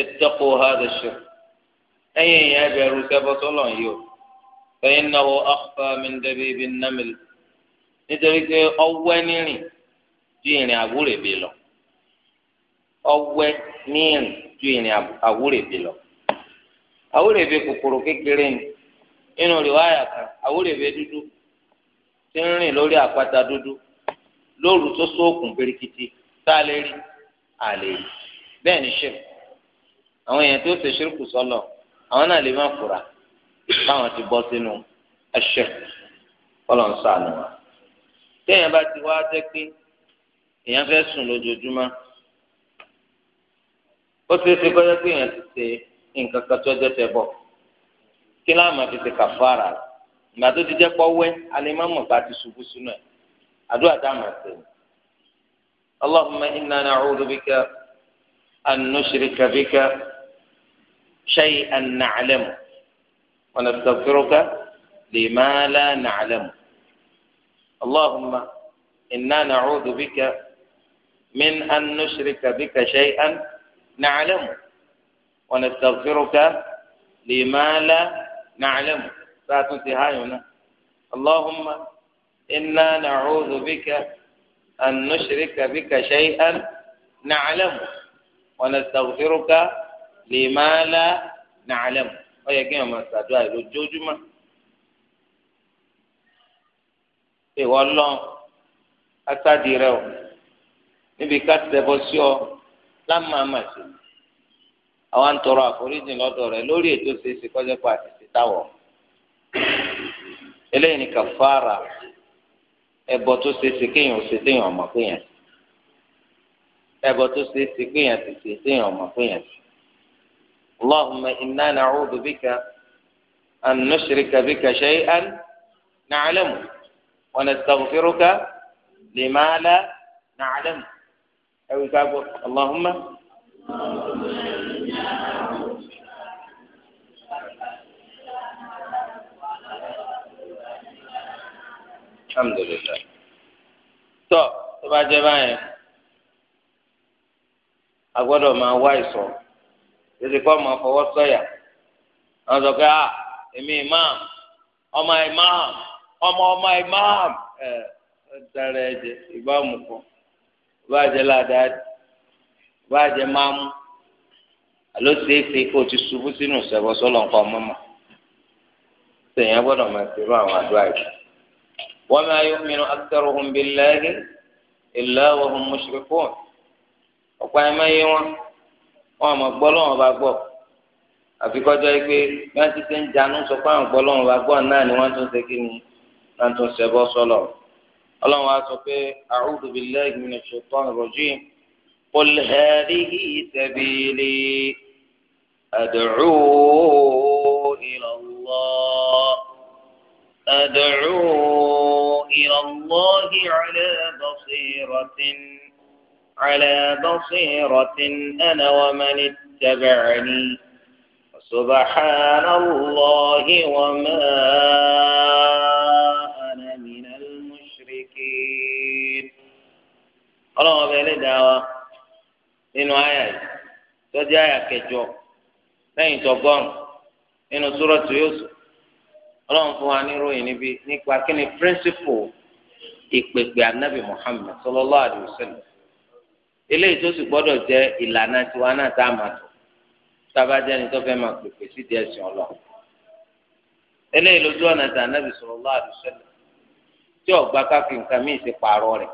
ittaqu hadha ash-shirk ẹ̀yìn èèyàn ẹ̀bẹ̀rù sẹ́bọ sọ́lọ́ yìí o fa innahu akhfa min dabibi an-naml nítorí pé ọwẹ́ nírìn ju ìrìn àwúrẹ́bí lọ ọwẹ́ nírìn ju ìrìn àwúrèbe lọ àwúrèbe kòkòrò kékeré ni nínú rìwáyà kan àwúrèbe dúdú ti ń rìn lórí àpáta dúdú lóru tó sóòkùn birikiti tá a lè rí a lè rí bẹ́ẹ̀ ni ṣe àwọn èèyàn tó ṣe ṣírkù sọlọ àwọn náà lè má fura báwọn ti bọ́ sínú ẹṣẹ kọlọ̀ ń sànù téèyàn bá ti wá jẹ́ pé èèyàn fẹ́ sùn lójoojúmọ́ ó ṣeé ṣe kọjá pé èèyàn ti ṣe nǹkan kan tó jẹ́ tẹ̀bọ̀ kí náà máa fi ṣe kàfàrà ìgbà tó ti jẹ́ pọ́wẹ́ alimọ́mọ̀ bá ti ṣubú sínú ẹ̀ àdúrà dáhùn àti ẹ̀ اللهم إنا نعوذ بك أن نشرك بك شيئا نعلم، ونستغفرك لما لا نعلم. اللهم إنا نعوذ بك من أن نشرك بك شيئا نعلم ونستغفرك لما لا نعلمه ساتنتي هايونا اللهم إنا نعوذ بك أن نشرك بك شيئا نعلمه ونستغفرك لما لا نعلمه ويا كما ساتوا لوجوجما إيه والله أتادي رو نبي كاتب وسيو lámàmà sí àwọn ń tọrọ àforíjì lọ́dọ̀ rẹ̀ lórí ètò ṣeéṣe kọjá pa àtìsí táwọ̀ eléyìí ni kàfàrà ẹbọ tó ṣeéṣe kéèyàn ṣe téèyàn ọmọ péyàn ẹbọ tó ṣeéṣe péyàn ti ṣe téèyàn ọmọ péyàn اللهم إنا نعوذ بك أن نشرك بك شيئا نعلمه ونستغفرك لما لا نعلمه ẹ̀rù ọla Allahumma. alhamdulilayi tọ tó bá jẹ báyẹn a gbọ́dọ̀ máa wá ìsọ títí kọ́ máa fọwọ́ sọ̀yà wọn sọ pé a èmi imam ọmọ imam ọmọ ọmọ imam ẹ ẹ ẹ jẹ ìbámu bá jẹ ládàá bá jẹ máàmú àló ṣeéṣe kó o ti ṣubú sínú ìṣẹ̀bọ sọ́lọ̀ nǹkan mọ́mọ́ sèyàn gbọ́dọ̀ máa ṣerú àwọn àdúrà yìí. wa ma yu'minu aktharuhum billahi illa wa hum mushrikun ọ̀pọ̀ ẹ̀ máa yé wọn wọn àmọ́ gbọ́ bá gbọ́ àfi yìí pé bí wọ́n ti ṣe ń janú sọ pé àwọn gbọ́ bá gbọ́ náà ni wọ́n tún ṣe kí ni wọ́n tún ṣẹbọ sọ́lọ̀ اللهم اعصبي اعوذ بالله من الشيطان الرجيم قل هذه سبيلي ادعو الى الله ادعو الى الله على بصيره على بصيره انا ومن اتبعني سبحان الله وما ọlọ́run ọbẹ̀ ẹlẹ́dàá wa nínú àyà yìí tọ́jú àyà kẹjọ lẹ́yìn tọgọ́rùn nínú sùrọ̀tù Yúsúf ọlọ́run fún wa níròyìn níbi nípa kí ni píríncípù ìpègbè ànábì Muhammad sallallahu alaihi eléyìí tó sì gbọ́dọ̀ jẹ́ ìlànà tiwa náà tá a máa tábàjẹ́ ni tó fẹ́ máa pèpè sí díẹ̀ sí ọ lọ. eléyìí lójú ọ̀nà tí tí ọ̀gbá káfíńkà míì ti pààrọ̀ rẹ̀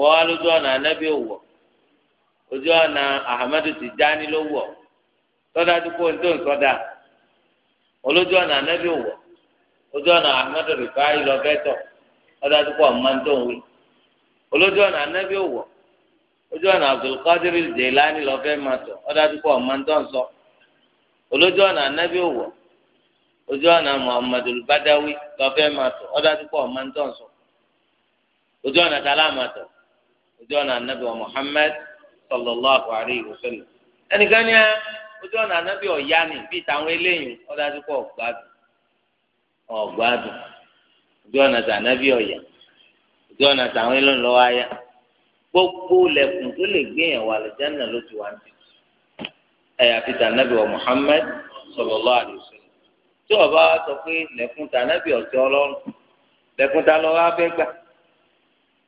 wọ́n wá na ọ̀nà anábì òwò ojú ọ̀nà ahamadu tijani ló wọ̀ tọ́da dúpọ̀ ní tó ń sọ́dà olójú ọ̀nà anábì òwò ojú ọ̀nà ahamadu rìfáì lọ bẹ́tọ̀ tọ́da lọ fẹ́ máa tọ̀ tọ́da dúpọ̀ ọ̀mọ́ tó ń sọ olójú ọ̀nà anábì òwò ojú ọ̀nà ojú ọ̀nà anabi wa muhammed sallallahu alayhi wa sallam ẹnìkan ní ojú ọ̀nà anabi ọ̀yá ni bíi táwọn eléyìí ọ̀dájú kọ́ ọ̀gbádùn ọ̀gbádùn ojú ọ̀nà na ọ̀yà ojú ọ̀nà tàwọn eléyìí lọ́wọ́ gbogbo lẹ́kùn tó lè gbéyàn wà lẹ́jẹ̀nà ló ti wa muhammed sallallahu alayhi wa sallam tí ọba sọ pé lẹ́kùn ọlọ́run lẹ́kùn lọ́wọ́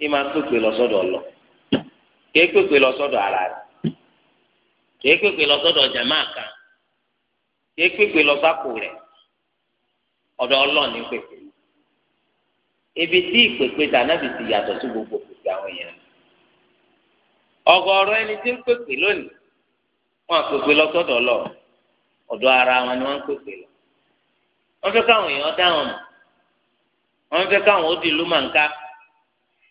kí máa pèpè lọ́sọ́dọ̀ ọlọ kí pèpè lọ́sọ́dọ̀ ara rẹ̀ kí pèpè lọ́sọ́dọ̀ jamaa kan kí pèpè lọ́sàkó rẹ̀ ọ̀dọ̀ ọlọ́ọ̀ni pèpè ibi tí ìpèpè tànàbì ti yàtọ̀ sí gbogbo pèpè àwọn èèyàn ọ̀gọ̀ọ̀rọ̀ ẹni tí ń pèpè lónìí wọn àpèpè lọ́sọ́dọ̀ ọlọ ọ̀dọ̀ ara wọn ni wọn ń pèpè lọ wọn fẹ́ káwọn èèyàn dáhùn wọn fẹ́ káwọn ó di ìlú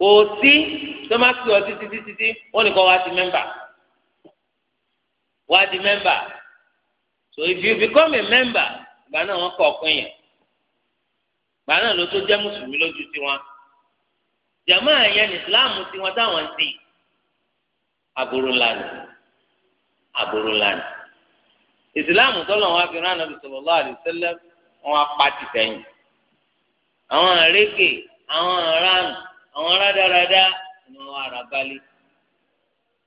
kò sí tó má pè ọ títí títí wọn nìkan wá di mẹ́mbà wá di mẹ́mbà so if you become a member ìgbà náà wọn kọ ọpin yẹn ìgbà náà ló tó jẹ́ mùsùlùmí lójú tiwọn jàmá yẹn ní islam tiwọn táwọn ń sè aburú ńlá ni aburú ńlá ni islam tọ́lọ̀ wọn fi rán anabi sallallahu alaihi wasallam wọn apá ti sẹ́yìn àwọn àrékè àwọn aráàlú. àwọn rádaràdá ni wọn ara balẹ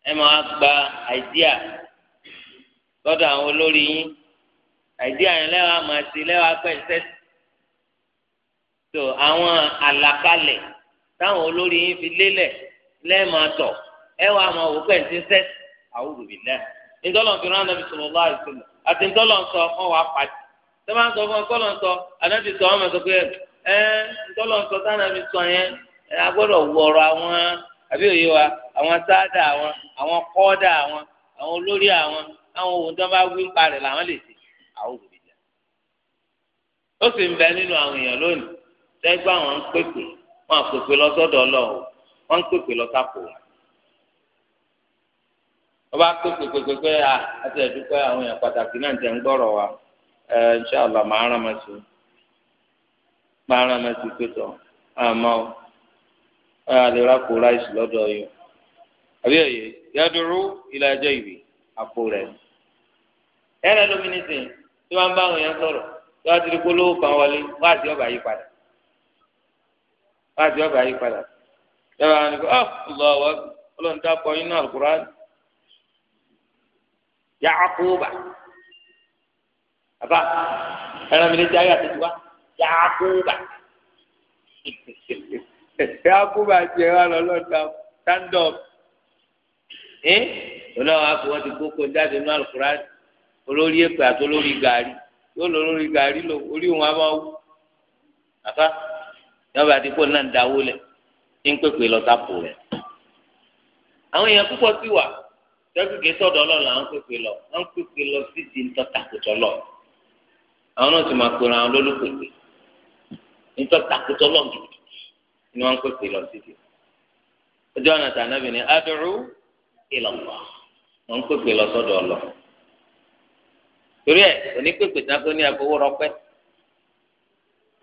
ẹ máa gba àìdíà lọ́dọ̀ àwọn olórí yín àìdíà yẹn lẹwàá máa ṣe lẹwàá pẹ sẹsì tó àwọn àlàkalẹ̀ táwọn olórí yín fi lélẹ̀ lẹẹmàtọ ẹ máa wò pẹ sẹsì àwùjọ náà fi sọ̀rọ̀ àti sọ sọ fún sọ sọ sọ pé ẹ sọ sọ a gbọ́dọ̀ wọ ọ̀rọ̀ àwọn àbí òye wa àwọn sáádà àwọn àwọn kọ́ọ̀dà àwọn àwọn olórí àwọn àwọn ohun tó bá wí ń parẹ̀ làwọn lè ṣe àwọn òbí jà ó sì ń bẹ nínú àwọn èèyàn lónìí tẹ́gbẹ́ àwọn ń pèpè wọn àpèpè lọ sọ́dọ̀ wọn ń pèpè lọ sápò wọn wọ́n bá pé pèpèpèpè àti ẹ̀dúpẹ́ àwọn èèyàn pàtàkì náà jẹ́ ń gbọ́rọ̀ wa ẹ̀ inshallah máa rán ma sí máa rán ma sí pé tọ̀ àmọ́ àlèrà kó ráìsì lọ́dọ̀ yìí àbí ẹ̀yẹ yàdúró ilé ẹjọ́ ìwé àpò rẹ̀ ẹ̀rẹ́ lómi nísìnyí tí wọ́n bá àwọn èèyàn sọ̀rọ̀ tí wọ́n ti rí polówó kan wọlé wọ́n àti ọba yí padà wọ́n àti ọba yí padà yàrá wọn ni kò ọ́ lọ́wọ́ ọlọ́run tá a kọ inú àlùkùrán yà á kó bà àbá ẹ̀rọ mi lè ayé àtẹ̀tù wa yà á kó bà ẹ akóbá tiẹ̀ wà lọ́lọ́ta stand up ẹ ọlọ́wọ́ àpò wọn ti kókó jáde ní alukura olórí èpè àti olórí gàrí yóò lọ lórí gàrí lò orí òun á máa wú àfa yọba àti kó náà dáwó lẹ ń pèpè lọ́tà pò rẹ̀ àwọn èèyàn púpọ̀ sí wà tẹ́kùkì sọ̀dọ̀ ọlọ́run àwọn pèpè lọ wọ́n pèpè lọ sí ti ntọ́takùtọ̀ lọ àwọn náà sì máa pèrò àwọn lólùpèpè ntọ́takùtọ̀ lọ gidi ni wọ́n ń pèpè lọ sí ti ojú ọ̀nà tànàbì ni ad'u ila lọ sọ́dọ̀ ọlọ torí ẹ òní pèpè tán kó ní agbowó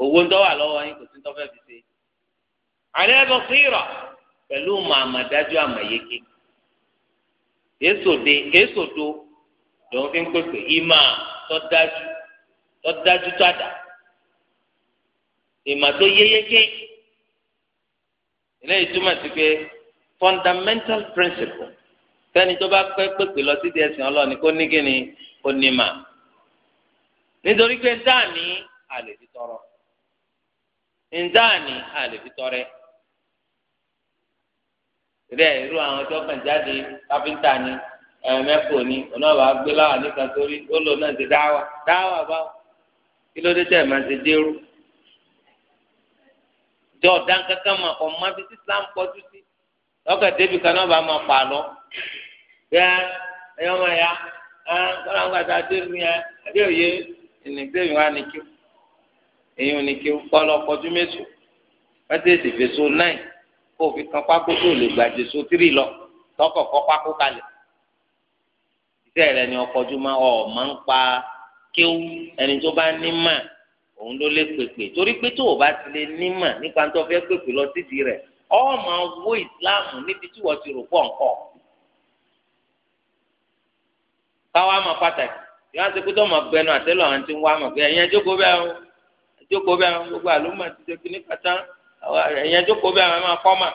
owó ń dọ́wà lọ́wọ́ yín kò sí tọ́fẹ́ fi ṣe àlẹ́ pẹ̀lú màmàdájú àmàyéké lòun fi ń pèpè ìmà tọ́dájú tọ́dájú tó àdá ìmà tó yéyéké. eléyìí túmọ̀ sí pé fundamental principle kẹ́ni tó bá pẹ́ pèpè lọ sídìí ẹ̀sìn ọlọ́ọ̀ni kó ní kíni kó ní mà nítorí pé dáàní a lè fi tọrọ ndáàní a lè fi tọrẹ rẹ irú àwọn tó kàn jáde káfíńtà ni ẹ̀ẹ́mẹ́fò ni onáwó agbéláwà nípa sórí ó lò náà ti dáwà dáwà báwò kí ló dé tẹ̀ máa ti dérú tí ọ̀dàn kankan mà ọ̀ma bíi tí islam kọjú sí lọ́kàn débi kan náà bá máa pa lọ. yẹ ẹ ọmọ ya ẹ kọ́lá ń gbàdá débi yẹn àbí òye ìnìgbẹ́yìn wa ni kí o èyí ò ní kí o kọ́ lọ kọjú mẹ́sàn-án wọ́n ti èsì fèso náì kó o fi kan pákó tó lè gbàdé so tírì lọ tọkọ̀ kọ́ pákó kalẹ̀. ìṣe rẹ ni ọkọ̀jú máa ọ̀ máa ń pa kéwú ẹni tó bá ní máa òun ló lè pèpè torí pé tó o bá ti lè nímọ̀ nípa tó fẹ́ pèpè lọ títì rẹ̀ ọ máa wó ìsìláàmù níbi tí wọ́n ti rò pọ̀ ńkọ́ káwá máa pàtàkì ìyá àti pé tó máa gbẹnu àtẹ́lọ̀ àwọn tí ń wá mọ̀ pé ẹ̀yin ẹjókòó bẹ́ẹ̀ o ẹjókòó bẹ́ẹ̀ o gbogbo àlùmọ̀ ti ṣe kíní kàtá ẹ̀yin ẹjókòó bẹ́ẹ̀ o ẹ máa kọ́ mà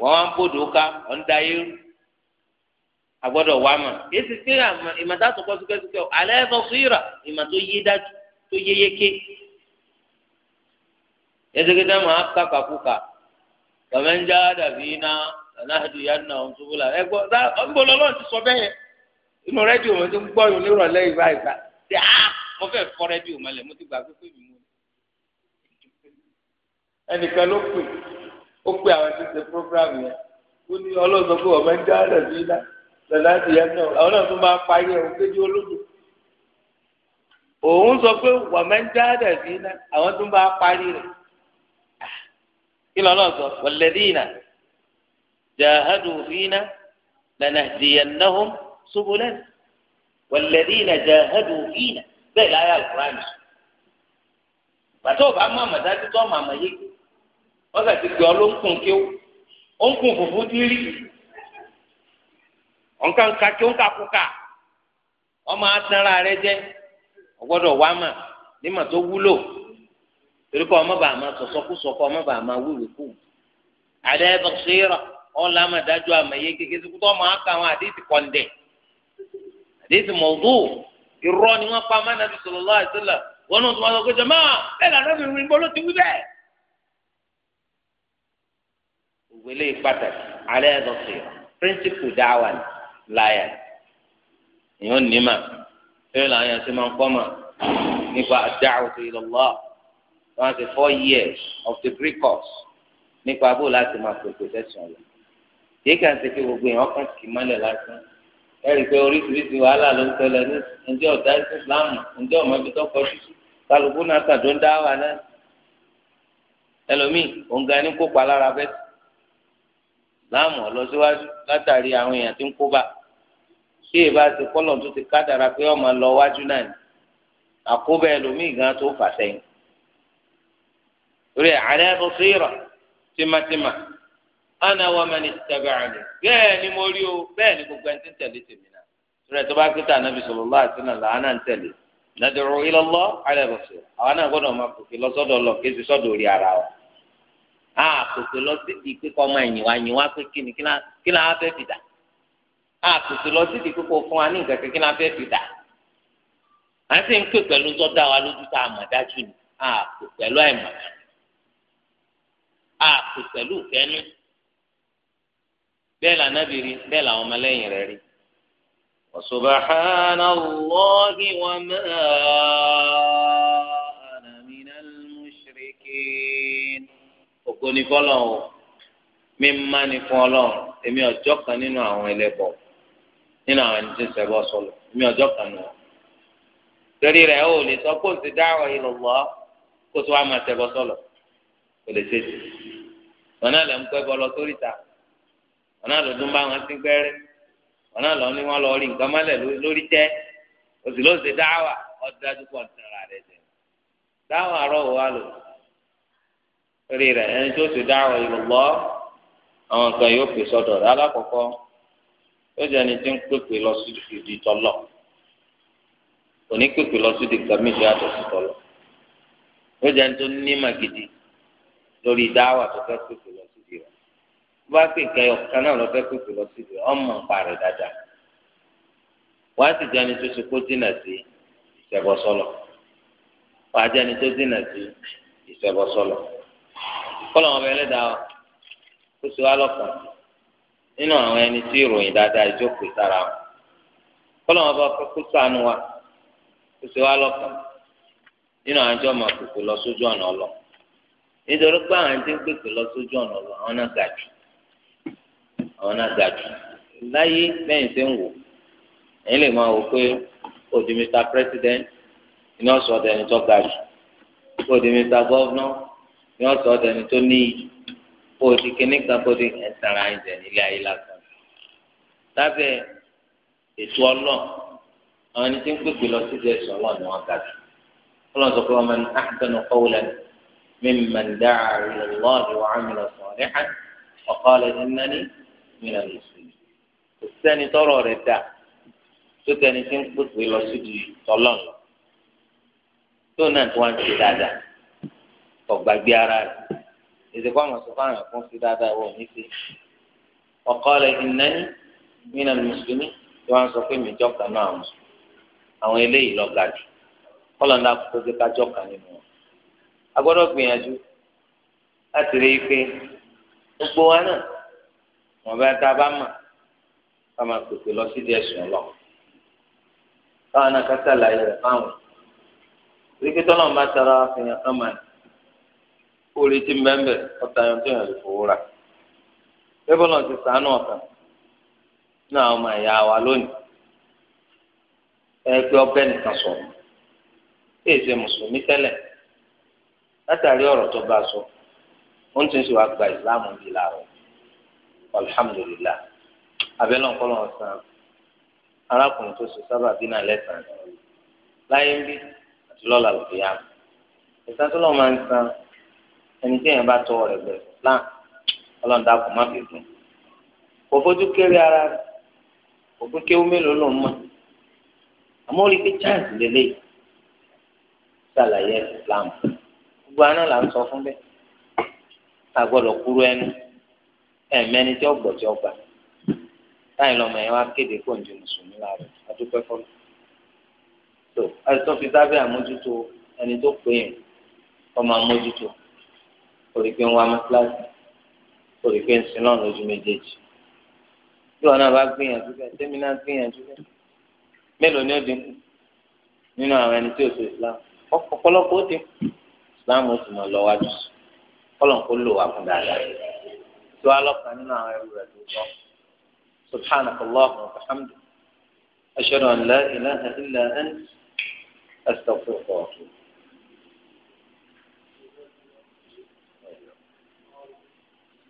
wọ́n wá ń bòdò ká ọ̀ ń da irú agbọ́dọ̀ wá mà yéésì pé ìmọ̀tá tó kọ́ súkẹ́súkẹ́ o alẹ́ ẹ̀fọ́ fúyìrà ìmọ̀ tó yé dájú tó yé yéké yéésìkẹ́tẹ́ máa kàkà kúkà tọ́mẹ́njá dàbí iná anáhàdù yánà ọ̀túnbùlà ẹ gbọ́ dá ọ̀nbọ̀lọ́ lọ́n ti sọ bẹ́ẹ̀ inú rẹ́díò mo ti ń gbọ́ yòó nírọ̀lẹ́ ìgbà ìgbà tí a mo fẹ́ fọ́ rẹ́díò mọ́lẹ̀ mo ti gbà pípé mi mú pé ọ̀mẹ́njá dàbí iná sọláàtì yẹn náà àwọn náà tún máa parí ẹ̀ wọ́n kéde olódò òun sọ pé wàmẹ́ńdá dàbí iná àwọn tún ah, bá parí rẹ̀ kí lọ́nà sọ wàlẹ́dínà jàhádù fínà lanahdiyannahum subulana wàlẹ́dínà jàhádù fínà bẹ́ẹ̀ láyé àlùkùránì pàtó ọba mọ àmọ̀dá títọ́ màmá yé wọ́n sì ti gbé ọ ń kún kí ó ń kún ọ̀nkà ńkà kí ọ̀nkà kúkà ọmọ atanra rẹ jẹ ọgbọ́dọ̀ wá mà nímà tó wúlò torí kọ́ ọmọ bàá ma sọ̀sọ́kúsọ kọ́ ọmọ bàá ma wúwèé kù àdé bàṣírà ọ̀là àmàdájọ́ àmàyé gègé tó kútọ́ ọmọ aka mọ̀ọ́dù irọ́ ni wọ́n pa wọn náà tó wọn sọ pé jẹ máa bọ́ ló ti wí bẹ́ẹ̀. òwe lè pàtàkì àdé dáwà ni. láyà èèyàn ní mà bẹ́ẹ̀ làwọn yẹn ti máa ń kọ́ mà nípa ad-da'watu ila Allah ti four years of degree course nípa bó láti máa pèsè sẹ́sùn rẹ̀ yìí kàn ṣe pé gbogbo èèyàn kàn kì í mọ́lẹ̀ lásán ẹ̀rí pé oríṣiríṣi wàhálà ló ń tẹ̀lé ní ǹjẹ́ ọ̀dà ìsìláàmù ǹjẹ́ ọ̀mọ́bí tó kọ títí kálukú náà tàdó ń dá wà náà ẹlòmíì òǹga ní kópa lára bẹ́ẹ̀ láàmú ọlọsíwájú látàrí àwọn èèyàn tí ń kó bá ti kọ́lọ̀ tó ti kádàrá pé ọmọ lọ wájú náà ni àkóbá ẹlòmíì gan tó fà sẹ́yìn orí àárẹ̀ tó síra ana bẹ́ẹ̀ ni mo o bẹ́ẹ̀ ni gbogbo ẹni tí ń tẹ̀lé tèmi náà ẹ̀ tó bá kíta làánà ń tẹ̀lé àwọn náà gbọ́dọ̀ máa àpèsè lọ síbi kíkọ ọmọ ẹ̀yìn wa ẹ̀yìn wa pé kí ni kí fẹ́ fi dà àpèsè lọ síbi kíkọ fún wa ní nǹkan kan kí la fẹ́ fi dà à ń pè pẹ̀lú tó wa lójú tá a mọ̀ dájú ni àpè pẹ̀lú àìmọ̀ àpè pẹ̀lú bẹ́ẹ̀ lànà bí rí bẹ́ẹ̀ ògo ni o mi má ni fún ọlọ́run èmi ọjọ́ kan nínú àwọn ẹlẹ́bọ nínú àwọn ẹni tí ń ṣẹbọ sọlọ èmi ọjọ́ kan nù wọn. torí rẹ̀ o lè sọ pé o ti dáhùn ìlú wọ́ kó tó wá máa ṣẹbọ sọlọ kò lè ṣe sí. wọn náà lè ń pẹ́ bọ́ lọ sórí ta wọn náà lọ́dún bá wọn sí gbẹ́rẹ́ wọn náà lọ ní wọn lọ rí nǹkan mọ́lẹ̀ lórí tẹ́ òsì ló ṣe dáhùn ọ̀dájú pọ̀ tẹ̀ra rẹ̀ jẹ dáhùn àárọ̀ wò wá rí rẹ̀ ẹni tó ti dáhùn ìlọ́lọ́ àwọn nǹkan yóò pè sọ́dọ̀ rẹ̀ alákọ̀ọ́kọ́ yóò jẹ́ ẹni tí ń pèpè lọ sí ìdí tọ́lọ̀ kò ní pèpè lọ sí ìdí kàmíṣe àtọ̀ sí tọ́lọ̀ yóò jẹ́ ẹni tó ní màgìdì lórí dáhùn tó fẹ́ pèpè lọ sí ìdí rẹ̀ bá pè kẹyọ kan náà lọ fẹ́ pèpè lọ sí ìdí rẹ̀ ọmọ nǹpa rẹ̀ dáadáa wàá sì jẹ́ ẹni tó ṣe kó dínà sí ìṣẹ̀bọ̀sọ́lọ̀ wàá jẹ́ ẹni tó dínà sí ìṣẹ̀bọ̀sọ́lọ̀ kọ́lọ̀ wọn bẹ ẹlẹ́dàá ó sì wá nínú àwọn ẹni tí ìròyìn dáadáa ìjókòó sára wọn kọ́lọ̀ wọn bá sànù wa ó sì wá nínú àwọn ẹjọ́ máa pèpè lọ sójú ọ̀nà ọlọ nítorí pé àwọn pèpè lọ sójú ọ̀nà ọlọ àwọn náà jù àwọn náà jù láyé tí ń wò lè máa wò pé di Mr President iná ẹni tó ga jù ni wọn sọ ọ dẹni tó níyì kó o ti kíní kan kó o ti ẹ sara ẹ jẹ nílé ayé lásán lábẹ́ ètò ọlọ àwọn ẹni tí ń pèpè lọ sí ẹsùn ọlọ ni wọn ga jù ọlọ sọ pé wọn máa ń ahsanu qawlan mimman da'a ila Allahi wa 'amila salihan wa qala innani mina al-muslimin kò sẹ́ni tọrọ rẹ̀ dà tó tẹni tí ń pèpè lọ sí ti tọlọ lọ tó náà tó wá ń ṣe dáadáa ọ̀gbàgbé ara rẹ̀ ìdìbò àwọn sọ̀fàràn fún sí dáadáa wọ̀ ní sí ọ̀kọ́ rẹ̀ ìnáni nínú mùsùlùmí tí wọ́n sọ pé mìjọ́ kan náà àwọn àwọn eléyìí lọ́ga jù kọ́lọ̀ ńlá kókó sí kájọ́ kan nínú wọn. a gbọ́dọ̀ gbìyànjú láti rí i pé gbogbo wa náà wọn bá tá a bá mà ká máa pèpè lọ sí díẹ̀ sùn lọ káwọn náà ká sàlàyé rẹ̀ fáwọn. rí i pé tọ́lọ́mù bá tara fi hàn án màá orí tí ń bẹ́ẹ̀ bẹ́ẹ̀ ọ̀tá yẹn tó yẹn lè fowó rà bẹ́ẹ̀ náà ti sànú ọ̀kan ní àwọn ọmọ ẹ̀yà wa lónìí ẹ pé ọbẹ̀ nìkan sọ̀rọ̀ tí èsè mùsùlùmí tẹ́lẹ̀ látàrí ọ̀rọ̀ tó bá sọ ó ń tún sí wa gba ìsìláàmù bíi láàrọ̀ alhamdulillah abẹ́ náà kọ́ lọ́wọ́ sàn arákùnrin tó ṣe sábà bí náà lẹ́sàn-án láyé ń bí àti lọ́la lòdì ẹni tí èèyàn bá tọwọ́ rẹ̀ bẹ̀rẹ̀ Islam ọlọ́run dàkú má fi dùn kò fojú kéré ara rẹ̀ kò pé kéwú mélòó ló ń mọ̀ àmọ́ ó rí pé chance lélẹ̀ ṣàlàyé Islam gbogbo aná là ń sọ fún bẹ́ẹ̀ àgbọ̀dọ̀ kúrú ẹnu ẹ̀mẹ́ni tí ó gbọ̀ tí ó gbà lọ́mọ yẹn wá kéde kó ń mùsùlùmí láàrọ̀ adúpẹ́ fọlọ́ tó àti tó fi sábẹ́ àmójútó ẹni tó pè é ọmọ àmójútó torí pé ń wá mọ́sálásí torí pé ń sin náà lójú méjèèjì tí wọn náà bá gbìyànjú bẹ́ẹ̀ sẹ́mi náà gbìyànjú bẹ́ẹ̀ mélòó ni ó dínkù nínú àwọn ẹni tí ó sọ Islam ọ̀pọ̀lọpọ̀ ó dínkù Islam ó sì mọ̀ lọ́wájú kọ́lọ̀ kó lò wá fún dáadáa tí wàá lọ́kàn nínú àwọn ẹrù rẹ̀ tó tọ́ سبحانك اللهم وبحمدك أشهد أن لا إله إلا أنت أستغفرك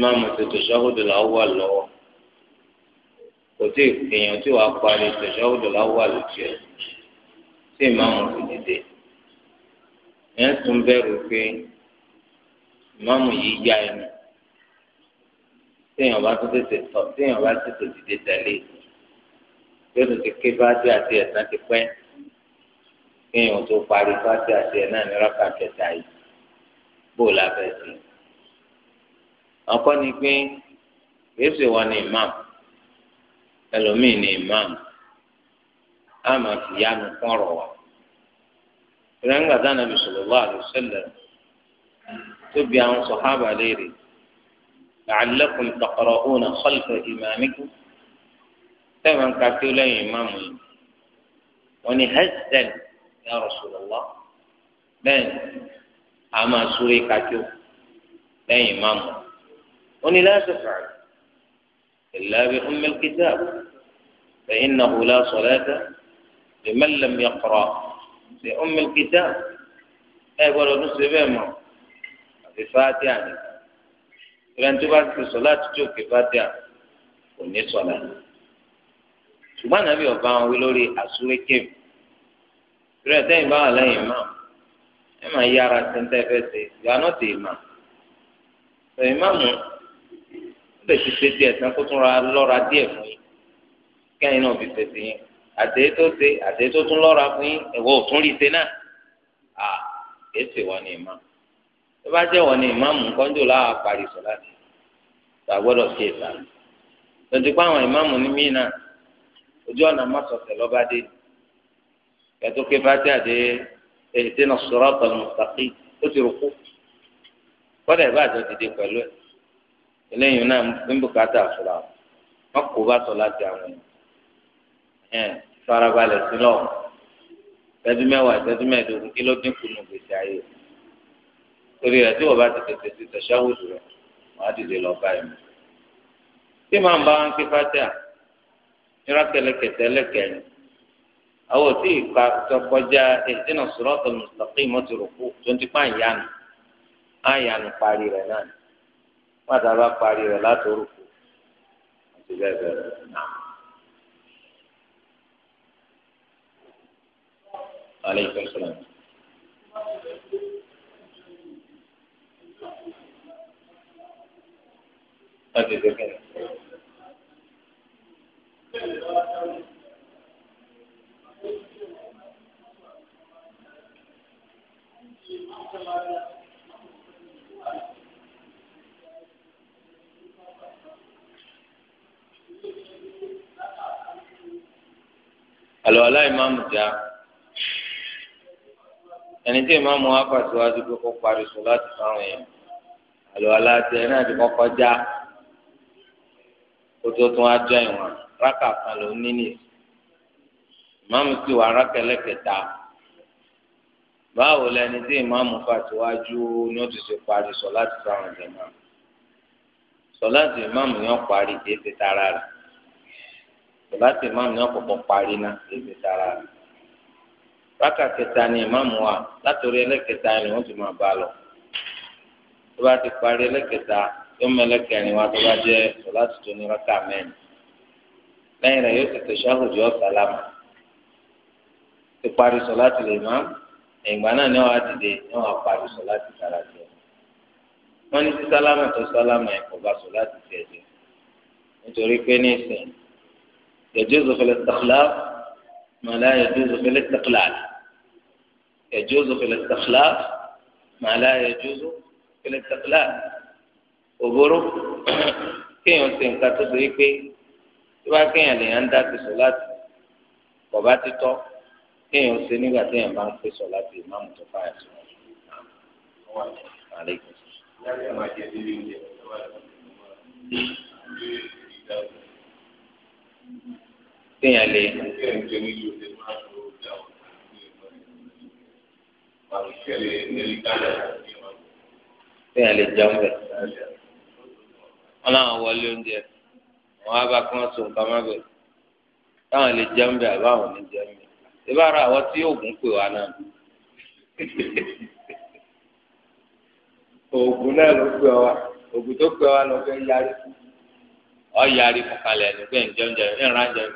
máa mọ̀ sí tòṣáhùdù làwọ̀ lọ́wọ́ kò tí èèyàn tí wàá parí tòṣáhùdù làwọ̀ lójú ẹ̀ tí máa mọ̀ sí dìde ẹ̀ tún bẹ̀rù pé ìmáàmù yìí yá ẹnu téèyàn bá tó tètè tọ̀ téèyàn bá tètè dìde tẹ̀lé yóò tètè ké báàdì àti ẹ̀sán ti pẹ́ kéèyàn tó parí báàdì àti ẹ̀ náà ní rákà yìí bó o la fẹ́ sí i ọkọ ni pé èsì wa ni imam ẹlòmíì ni imam a máa fi yánu kọ́rọ̀ wa ìrẹ́ ńgbà tá nàbì sallallahu alaihi wasallam tóbi àwọn sọ̀hábà léèrè la'allakum taqra'una khalfa imamikum tẹ́wà ń ka tó lẹ́yìn ìmáàmù yìí wọ́n ní hẹ́sẹ̀l ya Rasulullah bẹ́ẹ̀ a máa súré ka lẹ́yìn ìmáàmù yìí. قل لا تفعل إلا بأم الكتاب فإنه لا صلاة لمن لم يقرأ بأم الكتاب أي ولا نصب بفاتحة لأن تبعت في صلاة تشوف فاتحة وني صلاة ṣùgbọ́n nàbí ọba àwọn wí lórí àsúwé kébì rẹ sẹ́yìn bá wà lẹ́yìn máa ẹ máa yára tẹ́ńtẹ́ fẹ́ ìyá náà ti mà ṣèyí máa mú bẹ̀ ti ṣe díẹ̀ tán kó tún lọ́ra díẹ̀ fún yín kẹ́yìn náà fi fèsì yín àtẹ̀yẹ tó ṣe àtẹ̀yẹ tó tún lọ́ra fún yín ẹ̀wọ́ ò tún rí ṣe náà à èsì wọn ni ìmá tó bá jẹ́ wọn ni ìmá mú kọ́ńdò láwa parí sọ láti gbà gbọ́dọ̀ sí ìta lọ́dún pé àwọn ìmáàmù ní míì náà ojú ọ̀nà mọ́sọ̀tẹ̀ lọ́ba dé kẹtó ké bá tẹ̀ àdé èyí tí nà sọ̀rọ̀ ọ̀tọ̀ mùsàkì ó ti rò kú kọ́dà ìbá eléyìí náà ń bùkátà àfúrà wọn kò bá sọ láti àwọn yẹn farabalẹ̀ sí lọ ìtẹ́jú mẹ́wàá ìtẹ́jú mẹ́ẹ̀ẹ́dógún kí ló dínkù nù gbèsè ayé torí rẹ̀ tí wọ́n bá ti tètè sí tẹ̀síáwòdù rẹ̀ wọ́n á dìde lọ bá ẹ̀mí. tí màá bá wọn ké fátíà nira kẹlẹkẹtẹlẹkẹrin àwọn tí ìka tọkọjá ẹ̀dínà sọ̀rọ̀ tó mùsùlùmí mọ́tò rò kú tó ń tipa ìyanu á yanu parí rẹ̀ náà wọn àti àbá parí rẹ̀ látòrò kù àti bẹ́ẹ̀ bẹ́ẹ̀ lọ náà. aleykum salaam. láti Thank you. àlùwàlá ìmáàmù já ẹni tí ìmáàmù wa pàṣẹwájú pé kó parí sọ láti fáwọn èèyàn àlùwàlá tẹ náà ti kọ́kọ́ já kó tó tún á jọ ìwọ̀n rákà kan ló ní nìyí ìmáàmù sì wà rákà ẹlẹ́kẹta báwo lẹni tí ìmáàmù fàtiwájú ni ó ti ṣe parí sọ láti fáwọn èèyàn sọ láti ìmáàmù yẹn parí kì í ṣe tara rẹ̀ sọláàtì ìmáàmù náà kọ́kọ́ parí ná èsì sára rẹ̀ rákà kẹta ni ìmáàmù wa látòrí ẹlẹ́kẹta ni wọ́n ti máa bá lọ tó bá ti parí ẹlẹ́kẹta yóò mú ẹlẹ́kẹrin wa tó bá jẹ́ sọláàtì tó ní rákà mẹ́rin lẹ́yìn rẹ̀ yóò tètè ṣáhùjú ọ̀sálámà ti parí sọláàtì lè má ìgbà náà ni wọ́n á dìde ni wọ́n á parí sọláàtì sára jẹ́ wọ́n ní sí tó sálámà ẹ̀kọ́ bá sọláàtì tiẹ̀ jẹ́ يجوز في الاستخلاف ما لا يجوز في الاستقلال يجوز في الاستخلاف ما لا يجوز في الاستقلال وبرو كي يمكن كتبه كي يبا كي يلي عند الصلاة وباتي تو كي يمكن كتبه يبا في الصلاة إمام توفا يسوع عليكم السلام Thank you. téèyàn lè. téèyàn lè jẹun bẹ wọn làwọn wọlé oúnjẹ wọn á bá kí wọn sùn nǹkan má bẹ táwọn lè jẹun bẹ àbáwọn lè jẹun bẹ ìbára àwọn tí oògùn pè wá náà oògùn náà ló pè wá oògùn tó pè wá lọ fẹ yarí ọ yarí kọkànlẹ nígbẹ ǹjẹun jẹun ẹ ń ra jẹun.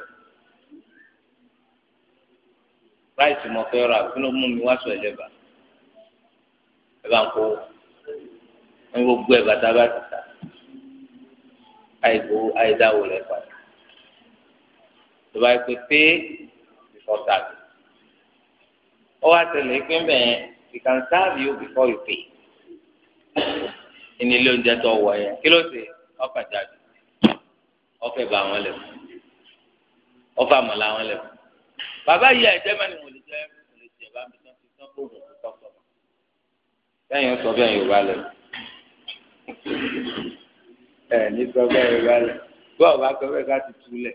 ráìsì mọ fẹ́ rà kí ló mú mi wá sọ ẹlẹ́bà ẹ bá ń kó wọn gbogbo ẹ̀ bàtà bá ti ta àìgbó àìdáwò rẹ̀ padà tó bá pè pé before tax ó wá tẹ̀lé pé ń bẹ̀ yẹn you can serve you before you pay ní ilé oúnjẹ tó wọ̀ yẹn kí ló ṣe ọkàn jáde ọfẹ bá wọn lẹ ọfẹ àmọlá wọn lẹ fún bàbá yìí àìjẹ́ mẹ́rin mo lè jẹ́ mo lè jẹ́ bá mi tán ti tán kó òògùn tó tọ́ sẹ́yìn sọ bẹ́ẹ̀ Yorùbá lẹ̀ ẹ̀ ní sọ bẹ́ẹ̀ Yorùbá lẹ̀ bọ́ọ̀ bá sọ bẹ́ẹ̀ ká ti tú lẹ̀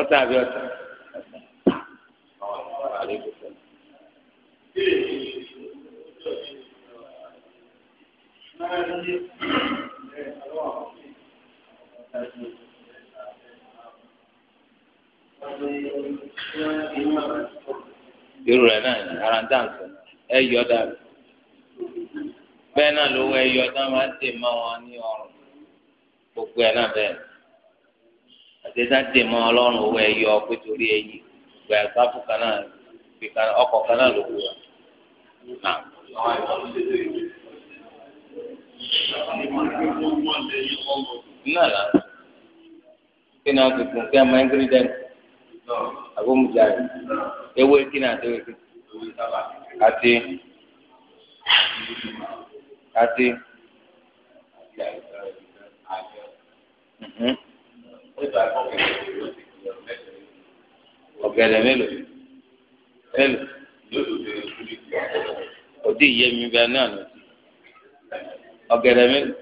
ọ̀tá àbí ọ̀tá Thank you. irú rẹ̀ náà ara ń dáǹsì ẹ yọ dànù bẹ́ẹ̀ náà lówó ẹ yọ dànù máa ń wọn ní ọrùn gbogbo ẹ náà bẹ́ẹ̀ àti ẹ̀dá dè mọ́ ọlọ́run owó ẹ torí gbẹ sáfù kan náà fi kan kan náà kí ni kí ẹ máa ń gírí dẹ́nu. àbó mùjáde ewé kíni àti ewé kíni àti àti mhm. ọ̀gẹ̀dẹ̀ mélòó mélòó òdì yé mi bẹ́ẹ̀ náà lọ sí ọ̀gẹ̀dẹ̀ mélòó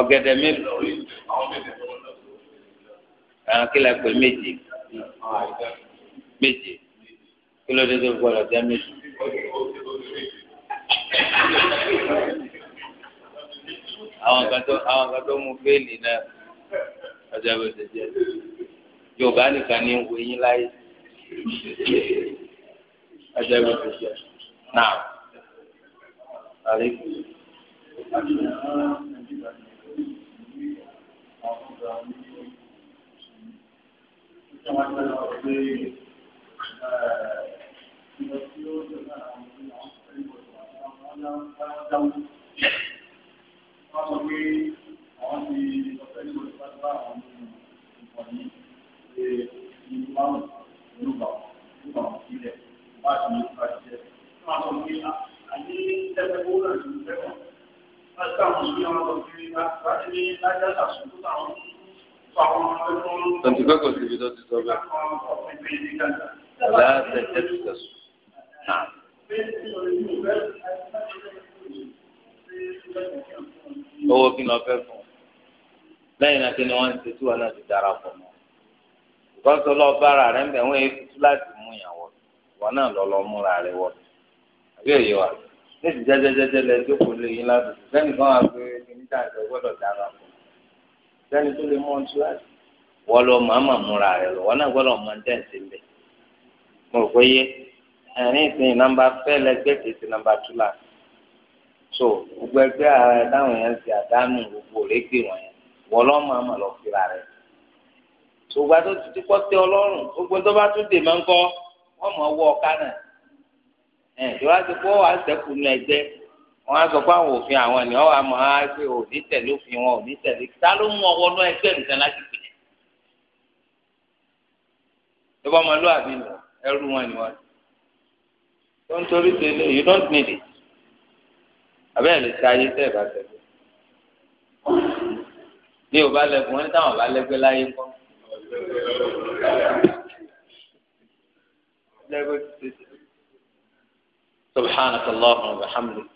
ọ̀gẹ̀dẹ̀ mélòó àwọn kílẹ̀ pé méjì méje kí ló dé tó gbọ́dọ̀ jẹ méje. àwọn kan tó àwọn kan tó mú fẹ́ẹ̀lì náà ọjọ́ bó ti jẹ yorùbá nìkan ní wo yín láyé ọjọ́ bó ti jẹ náà Thank you tí wọ́n gbé lọ pé ìlọ tí ó lè bá àwọn ọmọ ọmọ ọmọ dáwọ́. wọ́n sọ pé àwọn ti lọ pé ìlọ tí wọ́n bá àwọn ọmọ ìwọ̀nyí ṣe ìlú márùn-ún ìlú bá ìlú bá wọn sílẹ̀ bá a ti ní ìfà jẹ́. wọ́n sọ pé àyè tẹ́lẹ̀ owó náà ti ń fẹ́ wọn. láti àwọn ìlú yẹn wọ́n sọ pé láti ní lájá àṣùkú táwọn ń Tọ́jú pé kò síbi tó ti sọ bẹ́ẹ̀. Ọ̀la tẹ̀tẹ̀ ti sẹ̀sùn. Owó kí ni wọ́n fẹ́ fún un? Lẹ́yìn náà kí ni wọ́n ń ṣe tí wọ́n náà ti dára pọ̀ mọ́? Ìkọ́sọ́ lọ bára rẹ̀ ń bẹ̀ wọ́n èyí tú láti mú ìyàwó. Ìwọ náà lọ lọ múra rẹ̀ wọ̀. Àbí èyí wa? Ní ti jẹ́jẹ́jẹ́jẹ́ lẹ jókòó lé yín láti. Sẹ́nìkan wà pé kí níta ìjọ gbọ́dọ̀ dára pọ̀ sẹ́ni tó lè mọ ohun tí wá sí. wọ́n lọ màmá múra rẹ̀ lọ wọ́n náà gbọ́dọ̀ mọ ohun tẹ̀sí ń bẹ̀. mo rò pé yé ẹ̀rín ìsìn nàmbà fẹ́ lẹ́gbẹ́ kìsì nàmbà túlà. so gbogbo ẹgbẹ́ ààrẹ táwọn yẹn ti àdánù gbogbo òrégbè wọn yẹn wọ́n lọ́ màmá lọ fira rẹ̀. ṣùgbọ́n tó ti kọ́ tẹ ọlọ́run gbogbo tó bá tún dè máa ń kọ́ wọ́n mọ̀ ọwọ́ ọ̀ká náà. ẹ̀ wọn á sọ pé àwọn òfin àwọn ènìyàn wà mọ á pé òní tẹ̀lé òfin wọn òní tẹ̀lé ta ló mú ọwọ́ náà ẹgbẹ́ nìkan láti pè é tó bá máa lọ ẹrú wọn ni tó ń torí tẹ̀lé you don't need it abẹ́rẹ́ lè ṣe ayé tẹ́ ẹ̀ bá tẹ̀lé bí o lẹ́gùn wọn táwọn bá lẹ́gbẹ́ láyé kọ́ lẹ́gbẹ́ ti tẹ̀lé subhanahu wa ta'ala wa bihamdihi.